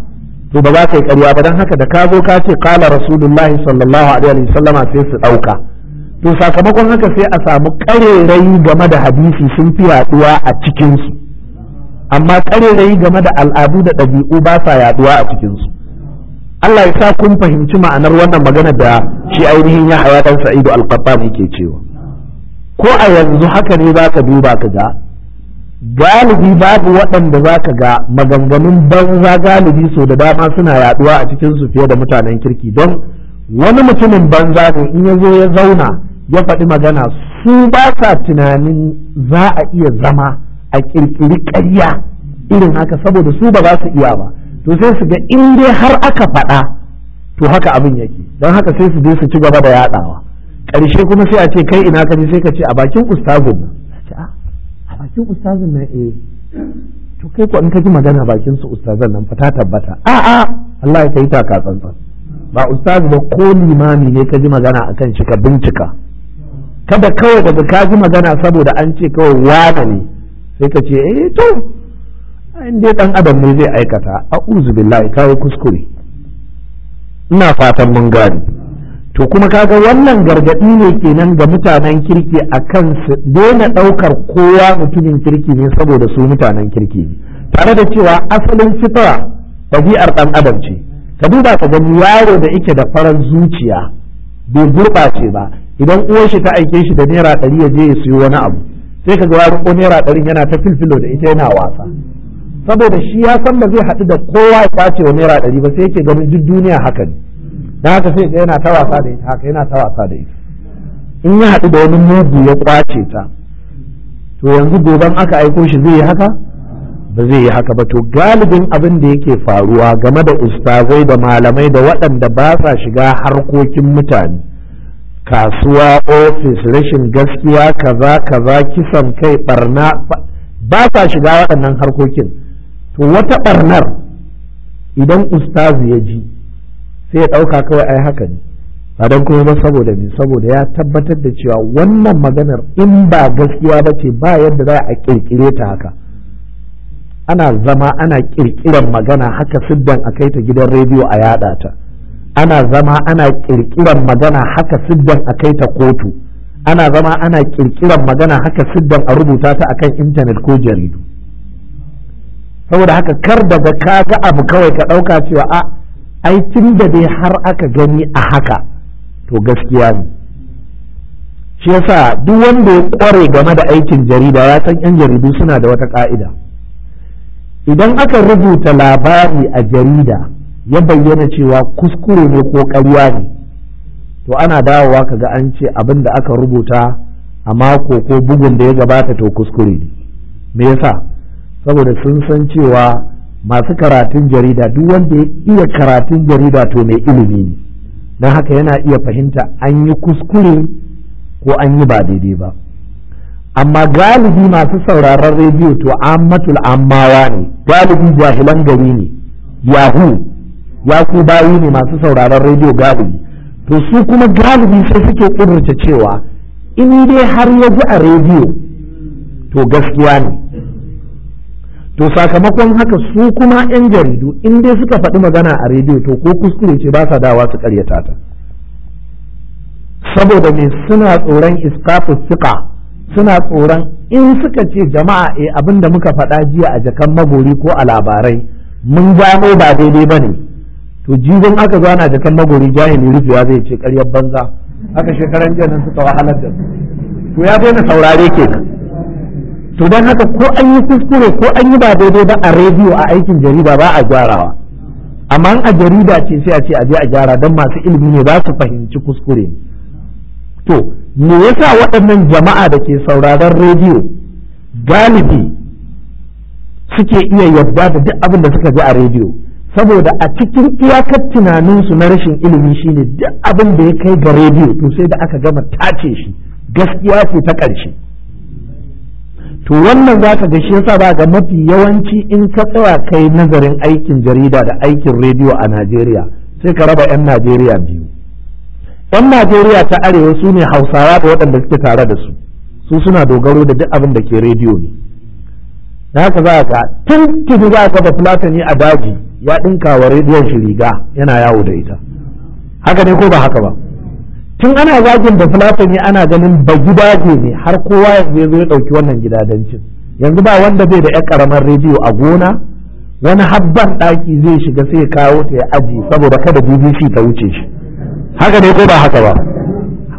to ba za ka yi ƙarya ba don haka da ka zo ka ce kala rasulullahi sallallahu alaihi wasallama sai su ɗauka to sakamakon haka sai a samu ƙarerayi game da hadisi sun fi yaduwa a cikinsu amma ƙarerayi game da al'adu da ɗabi'u ba sa yaduwa a cikinsu Allah ya sa kun fahimci ma'anar wannan magana da shi ainihin ya haya dan Sa'idu al-Qattan yake cewa ko a yanzu haka ne za ka duba ka ga galibi babu waɗanda za ka ga maganganun banza galibi so da dama suna yaduwa a cikin su fiye da mutanen kirki don wani mutumin banza ne in ya zo ya zauna ya faɗi magana su ba sa tunanin za a iya zama a ƙirƙiri ƙarya irin haka saboda su ba za su iya ba to sai su ga in dai har aka faɗa to haka abin yake don haka sai su je su ci gaba da yaɗawa ƙarshe kuma sai a ce kai ina ka sai ka ce a bakin ustazun ah, a bakin ustazun nan eh to kai ko in ka ji magana bakin su ustazan nan fa ta tabbata a a Allah ya kai ta ka tsantsan ba ustazi ba ko limami ne ka ji magana akan shi ka bincika kada kawai daga ka ji magana saboda an ce kawai wani ne sai ka ce eh to in dai dan adam ne zai aikata a uzu billahi kawo kuskure ina fatan mun gani to kuma kaga wannan gargaɗi ne kenan ga mutanen kirki a kan su daina ɗaukar kowa mutumin kirki ne saboda su mutanen kirki ne tare da cewa asalin fitara ɗabi'ar ɗan adam ce ka duba ka gani yaro da yake da farar zuciya bai gurɓace ba idan uwar shi ta aike shi da naira ɗari ya je ya siyo wani abu sai ka ga ya naira ɗarin yana ta filfilo da ita yana wasa saboda shi ya san ba zai haɗu da kowa ya kwace wa naira ɗari ba sai yake ganin duk duniya haka ne don haka sai yana ta wasa da ita haka yana ta wasa da ita in ya haɗu da wani mugu ya kwace ta to yanzu goban aka aiko shi zai yi haka ba zai yi haka ba to galibin abin da yake faruwa game da ustazai da malamai da waɗanda ba sa shiga harkokin mutane kasuwa ofis rashin gaskiya kaza kaza kisan kai barna ba sa shiga waɗannan harkokin to wata barnar idan ustazu ya ji sai ya ɗauka kawai ai haka ne ba don kuma ba saboda me saboda ya tabbatar da cewa wannan maganar in ba gaskiya ba ce ba yadda za a ƙirƙire ta haka ana zama ana ƙirƙirar magana haka siddan a kai ta gidan rediyo a yaɗa ta ana zama ana ƙirƙirar magana haka siddan a kai ta kotu ana zama ana ƙirƙirar magana haka siddan a rubuta ta akan intanet ko jaridu saboda haka kar daga ka ga abu kawai ka ɗauka cewa a ai tun da dai har aka gani a haka to gaskiya ne shi yasa duk wanda ya kware game da aikin jarida ya san yan jaridu suna da wata ka'ida idan aka rubuta labari a jarida ya bayyana cewa kuskure ne ko ƙarya ne to ana dawowa ka ga an ce abin da aka rubuta a mako ko bugun da ya gabata to kuskure ne me yasa saboda sun san cewa masu karatun jarida duk wanda ya iya karatun jarida to mai ilimi ne don haka yana iya fahimta an yi kuskure ko an yi ba daidai ba amma galibi masu sauraron rediyo to ammatul ammawa ne galibi jahilan gari ne yahu ya ku bayi ne masu sauraron rediyo galibi to su kuma galibi sai suke kudurce cewa in dai har ya ji a rediyo to gaskiya ne to sakamakon haka su kuma yan jaridu in dai suka faɗi magana a rediyo to ko kuskure ce ba sa dawa su karyata ta saboda me suna tsoron iskafu siƙa suna tsoron in suka ce jama'a e abin da muka faɗa jiya a jakan magori ko a labarai mun gano ba daidai ba ne to jibin aka gana jakan magori jahili rufewa zai ce karyar banza aka shekaran jiya nan suka wahalar da su to ya daina saurare kenan to don haka ko an yi kuskure ko an yi ba daidai ba a rediyo a aikin jarida ba a gyarawa amma a jarida ce sai a ce a je a gyara don masu ilimi ne za su fahimci kuskure to me yasa waɗannan jama'a da ke sauraron rediyo galibi suke iya yadda da duk abin da suka ji a rediyo saboda a cikin iyakar tunaninsu na rashin ilimi shine duk abin da ya kai ga rediyo to sai da aka gama tace shi gaskiya ce ta ƙarshe to wannan za ka gashi shi yasa ba ga mafi yawanci in ka tsaya kai nazarin aikin jarida da aikin rediyo a Najeriya sai ka raba 'yan Najeriya biyu 'yan Najeriya ta arewa su ne hausawa da waɗanda suke tare da su su suna dogaro da duk abin da ke rediyo ne da haka za ka tun tuni za ka da fulatani a daji ya ɗinka wa rediyon shi riga yana yawo da ita haka ne ko ba haka ba tun ana zagin da fulatani ana ganin ba gida ne har kowa ya zo ya ɗauki wannan gidadancin yanzu ba wanda bai da ya karamar rediyo a gona wani habban ɗaki zai shiga sai kawo ta ya aji saboda kada bbc ta wuce shi haka ne ko ba haka ba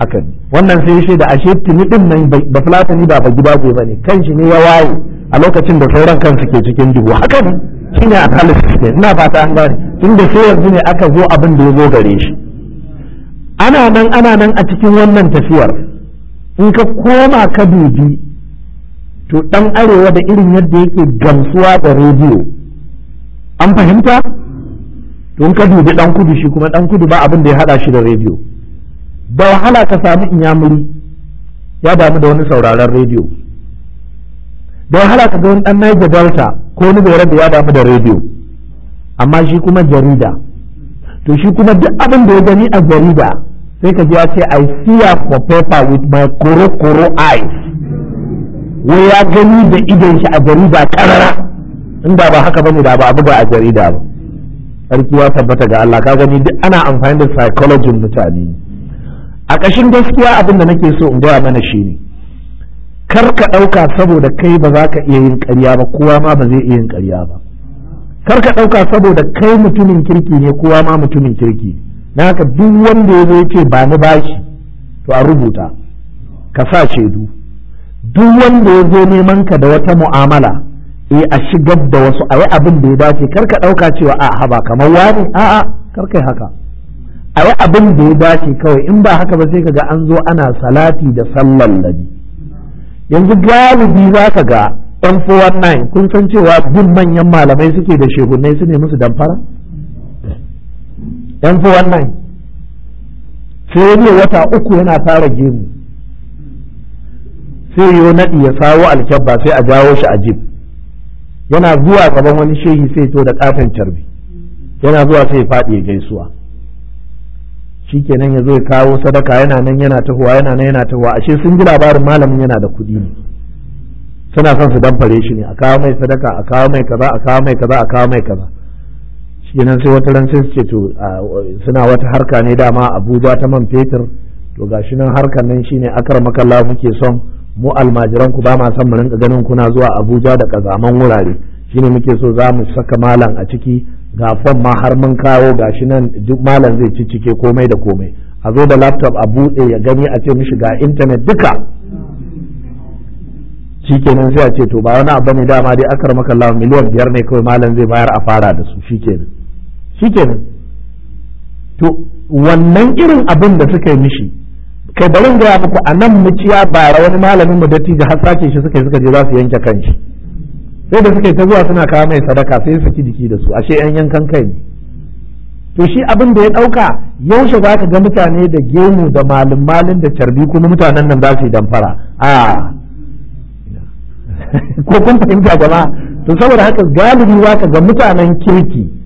haka wannan sai shi da ashe tuni din nan ba fulatani ba ba gida ba ne shi ne ya waye a lokacin da sauran kansu ke cikin dubu haka ne shine analysis ne ina fata an gane Tun da sai yanzu ne aka zo abin da ya zo gare shi ana nan ana nan a cikin wannan tafiyar in ka koma ka dubi to dan arewa da irin yadda yake gamsuwa da rediyo an fahimta to in ka dubi dan kudu shi kuma dan kudu ba abin da ya hada shi da rediyo da wahala ka samu in ya damu da wani sauraron rediyo da wahala ka ga wani dan Niger Delta ko wani bayar da ya damu da rediyo amma shi kuma jarida to shi kuma duk abin da ya gani a jarida sai ka ya ce I fear for paper with my koro koro eyes wai ya gani da idon shi a jarida karara inda ba haka bane da ba abu ba a jarida ba sarki ya tabbata ga Allah ka gani duk ana amfani da psychology mutane a kashin gaskiya abin da nake so in gaya mana shine kar ka ɗauka saboda kai ba za ka iya yin ƙarya ba kowa ma ba zai iya yin ƙarya ba kar ka ɗauka saboda kai mutumin kirki ne kowa ma mutumin kirki ne na haka duk wanda ya zo yake ba ni bashi to a rubuta ka sa shaidu duk wanda ya zo neman ka da wata mu'amala e a shigar da wasu a yi abin da ya dace kar ka ɗauka cewa a haba kamar wani a kar kai haka a yi abin da ya dace kawai in ba haka ba sai ka ga an zo ana salati da sallan labi yanzu galibi za ka ga 419 kun san cewa bin manyan malamai suke da shehunai su ne musu damfara yan fi wannan sai ya wata uku yana fara gemu sai yo naɗi ya sawo alkyabba sai a jawo shi a jib yana zuwa gaban wani shehi sai to da ƙaton carbi yana zuwa sai ya faɗi ya gaisuwa shikenan ya zo ya kawo sadaka yana nan yana tahowa yana nan yana tahowa ashe sun ji labarin malamin yana da kuɗi ne suna son su damfare shi ne a kawo mai sadaka a kawo mai kaza a kawo mai kaza a kawo mai kaza kenan sai wata ran sai su ce to suna wata harka ne dama abuja ta man fetur to gashi nan harkar nan shine akar makalla muke son mu almajiran ku ba ma san mu rinka ganin kuna zuwa abuja da kazaman wurare shine muke so za mu saka malam a ciki ga fon ma har mun kawo gashi nan duk malam zai ciccike komai da komai a zo da laptop a buɗe ya gani a ce mishi ga intanet duka shikenan sai a ce to ba wani abu ne dama dai akar makalla miliyan biyar ne kawai malam zai bayar a fara da su shikenan shikenan to wannan irin abin da suka yi mishi kai bari in gaya muku a nan muciya ra wani malamin mu dattijo har sace shi suka yi suka je za su yanke kanshi sai da suka yi ta zuwa suna kawo mai sadaka sai saki jiki da su ashe yan yankan kai ne to shi abin da ya ɗauka yaushe za ka ga mutane da gemu da malin malin da carbi kuma mutanen nan za su yi damfara a ko kun fahimta jama'a to saboda haka galibi za ka ga mutanen kirki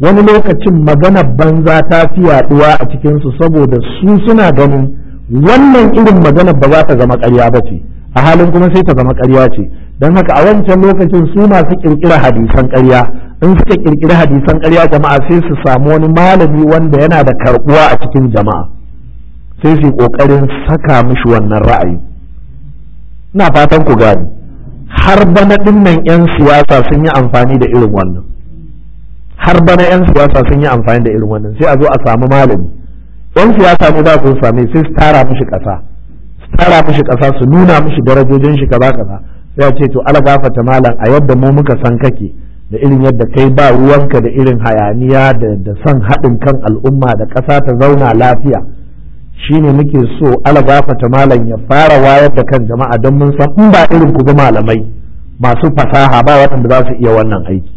wani lokacin magana banza ta fi yaduwa a cikinsu saboda su suna ganin wannan irin magana ba za ta zama ƙarya ba ce a halin kuma sai ta zama ƙarya ce don haka a wancan lokacin su masu ƙirƙira hadisan ƙarya in suka ƙirƙira hadisan ƙarya jama'a sai su samu wani malami wanda yana da karɓuwa a cikin jama'a sai su yi ƙoƙarin saka mishi wannan ra'ayi ina fatan ku gani har bana ɗinnan 'yan siyasa sun yi amfani da irin wannan har bana yan siyasa sun yi amfani da irin wannan sai a zo a samu malami yan siyasa mu ba ku same sai su tara mishi kasa su tara mishi kasa su nuna mishi darajojin shi kaza kaza sai a ce to ala ta malam a yadda mu muka san kake da irin yadda kai ba ruwanka da irin hayaniya da da son haɗin kan al'umma da ƙasa ta zauna lafiya shine muke so ala ta malam ya fara wayar da kan jama'a don mun san in ba irin ku malamai masu fasaha ba waɗanda za su iya wannan aiki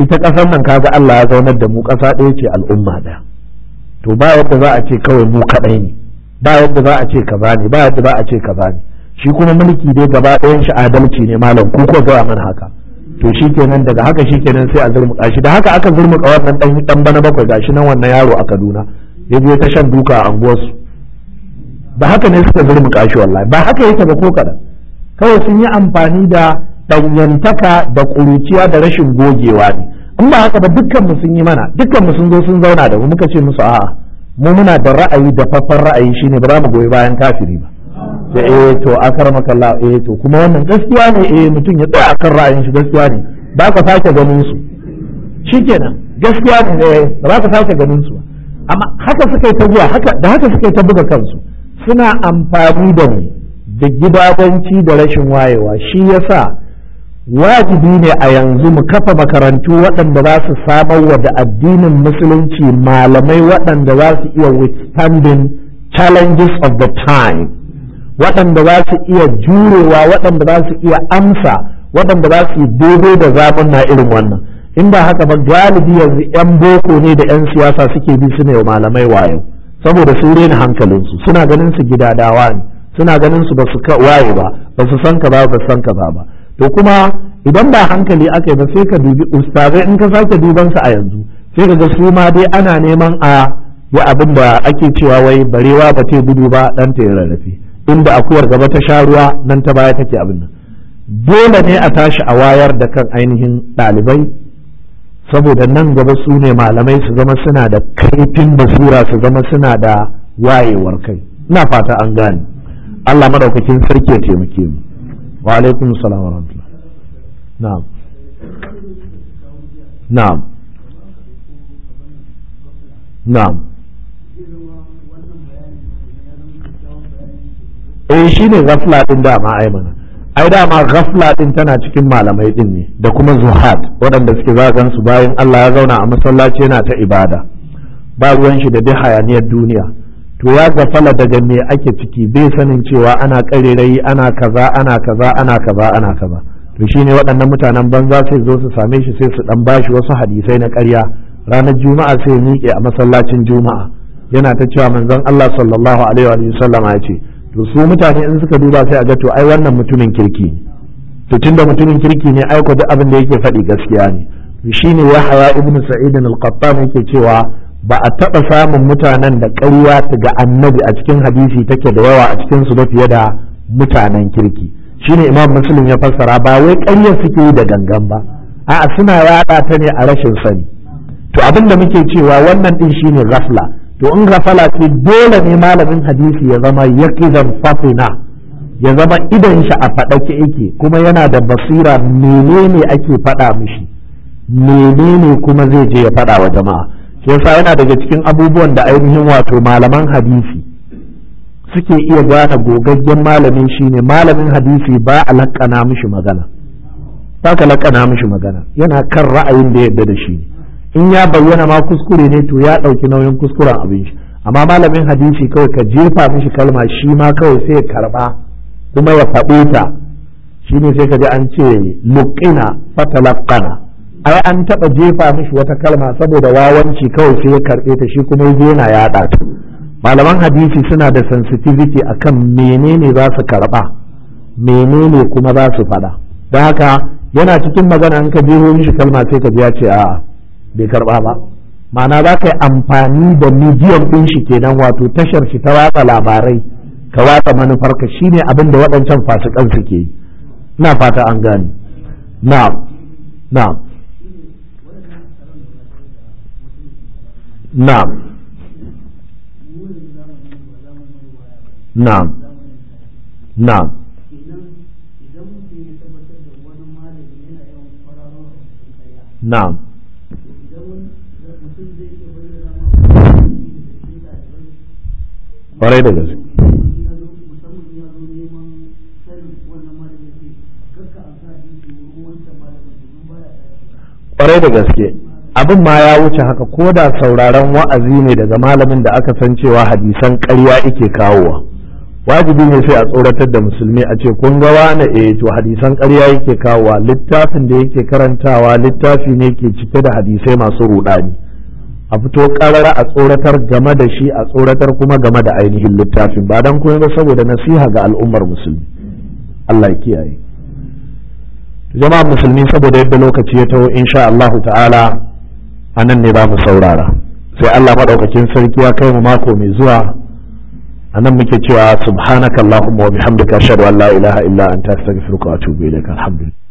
ita ƙasar nan kaga Allah ya zaunar da mu ƙasa ɗaya ce al'umma ɗaya to ba yadda za a ce kawai mu kaɗai ne ba yadda za a ce ka ne ba yadda za a ce ka ne shi kuma mulki dai gaba ɗayan shi adalci ne malam ku ko gaya mana haka to shikenan daga haka shikenan sai a zurmuka shi da haka aka zurmuka wannan dan dan bana bakwai gashi nan wannan yaro a Kaduna ya je ta shan duka a anguwarsu ba haka ne suka zurmuka shi wallahi ba haka yake ba ko kaɗan kawai sun yi amfani da ɗanyantaka da ƙuruciya da rashin gogewa ne in ba haka ba dukkan mu sun yi mana dukkan mu sun zo sun zauna da mu muka ce musu a'a mu muna da ra'ayi da faffan ra'ayi shine ba za mu goyi bayan kafiri ba da eh to akar makalla eh to kuma wannan gaskiya ne eh mutum ya tsaya akan ra'ayin shi gaskiya ne ba ka sake ganin su shikenan gaskiya ne eh ba ka sake ganin su amma haka suka yi ta zuwa haka da haka suka yi ta buga kansu suna amfani da mu da gidabanci da rashin wayewa shi yasa wajibi ne a yanzu mu kafa makarantu waɗanda za su samar wa da addinin musulunci malamai waɗanda za su iya withstanding challenges of the time waɗanda za su iya jurewa waɗanda za su iya amsa waɗanda za su yi dogo da zaɓin na irin wannan in ba haka ba galibi yanzu 'yan boko ne da 'yan siyasa suke bi su ne wa malamai wayo saboda sun rena hankalinsu suna ganin su gidadawa ne suna ganin su ba su waye ba ba su san ka ba ba san ka ba ba to kuma idan ba hankali aka yi ba sai ka dubi ustazai in ka sake duban su a yanzu sai ka ga su ma dai ana neman a yi abin da ake cewa wai barewa ba ta gudu ba dan ta rarrafe inda akuwar gaba ta sha ruwa nan ta baya take abin nan dole ne a tashi a wayar da kan ainihin ɗalibai saboda nan gaba su ne malamai su zama suna da kaifin basura su zama suna da wayewar kai ina fata an gane Allah madaukakin sarki ya taimake mu wa alaikum salam wa نعم na'am na'am na'am eh shine ghafla din dama ai mana ai dama ghafla tana cikin malamai ɗin ne da kuma zuhad waɗanda suke zagan su bayan Allah ya zauna a masallaci yana ta ibada ba ruwan shi da duk hayaniyar duniya to ya gafala daga me ake ciki bai sanin cewa ana karerai ana kaza ana kaza ana kaza ana kaza to shine waɗannan mutanen banza sai zo su same shi sai su dan bashi wasu hadisai na ƙarya ranar juma'a sai miƙe a masallacin juma'a yana ta cewa manzon Allah sallallahu alaihi wa sallam ya ce to su mutane in suka duba sai a ga to ai wannan mutumin kirki ne to tunda mutumin kirki ne ai duk abin da yake faɗi gaskiya ne shine Yahya ibnu Sa'id al-Qattan yake cewa ba a taɓa samun mutanen da ƙarya ga annabi a cikin hadisi take da yawa a cikin su ba fiye da mutanen kirki shine imam muslim ya fassara ba wai ƙarya suke yi da gangan ba a'a suna yada ta ne a rashin sani to abinda muke cewa wannan din shine rafla to in ghafala ce dole ne malamin hadisi ya zama yaqidan fatina ya zama idan shi a faɗake ake? kuma yana da basira menene ake faɗa mishi menene kuma zai je ya faɗa wa jama'a yasa yana daga cikin abubuwan da ainihin wato malaman hadisi suke iya gane gogaggen malamin shine malamin hadisi ba a lakana mishi magana ba ka lakana mishi magana yana kan ra'ayin da yadda da shi in ya bayyana ma kuskure ne to ya ɗauki nauyin kuskuren abin shi amma malamin hadisi kawai ka jefa mishi kalma shi ma kawai sai ya karba kuma ya faɗo ta shine sai ka ji an ce luqina fatalaqana ai an taɓa jefa mishi wata kalma saboda wawanci kawai sai ya karɓe ta shi kuma yaje yana yaɗa ta malaman hadisi suna da sensitivity akan menene za su karɓa menene kuma za su faɗa don haka yana cikin magana an ka jeho mishi kalma sai ka biya ya ce a'a bai karɓa ba ma'ana za ka yi amfani da midiyan ɗin shi kenan wato tashar shi ta watsa labarai ka watsa manufarka shine abin da waɗancan fasikan suke yi ina fata an gani na'am na'am na'am na'am na'am na'am kwarai da gaske kwarai da gaske abin ma ya wuce haka ko da sauraron wa'azi ne daga malamin da aka san cewa hadisan ƙarya ke kawowa wajibi ne sai a tsoratar da musulmi a ce kun ga wani eh to hadisan ƙarya yake kawowa littafin da yake karantawa littafi ne ke cike da hadisai masu rudani a fito karara a tsoratar game da shi a tsoratar kuma game da ainihin littafin ba dan kun ga saboda nasiha ga al'ummar musulmi Allah ya kiyaye jama'a musulmi saboda yadda lokaci ya taho insha allahu ta'ala a nan ne ba mu saurara sai Allah maɗaukakin sarki ya kai mu mako mai zuwa a nan muke cewa subhanakallahumma wa bihamdika ashhadu an la ilaha illa anta astaghfiruka wa atubu ilaik alhamdulillah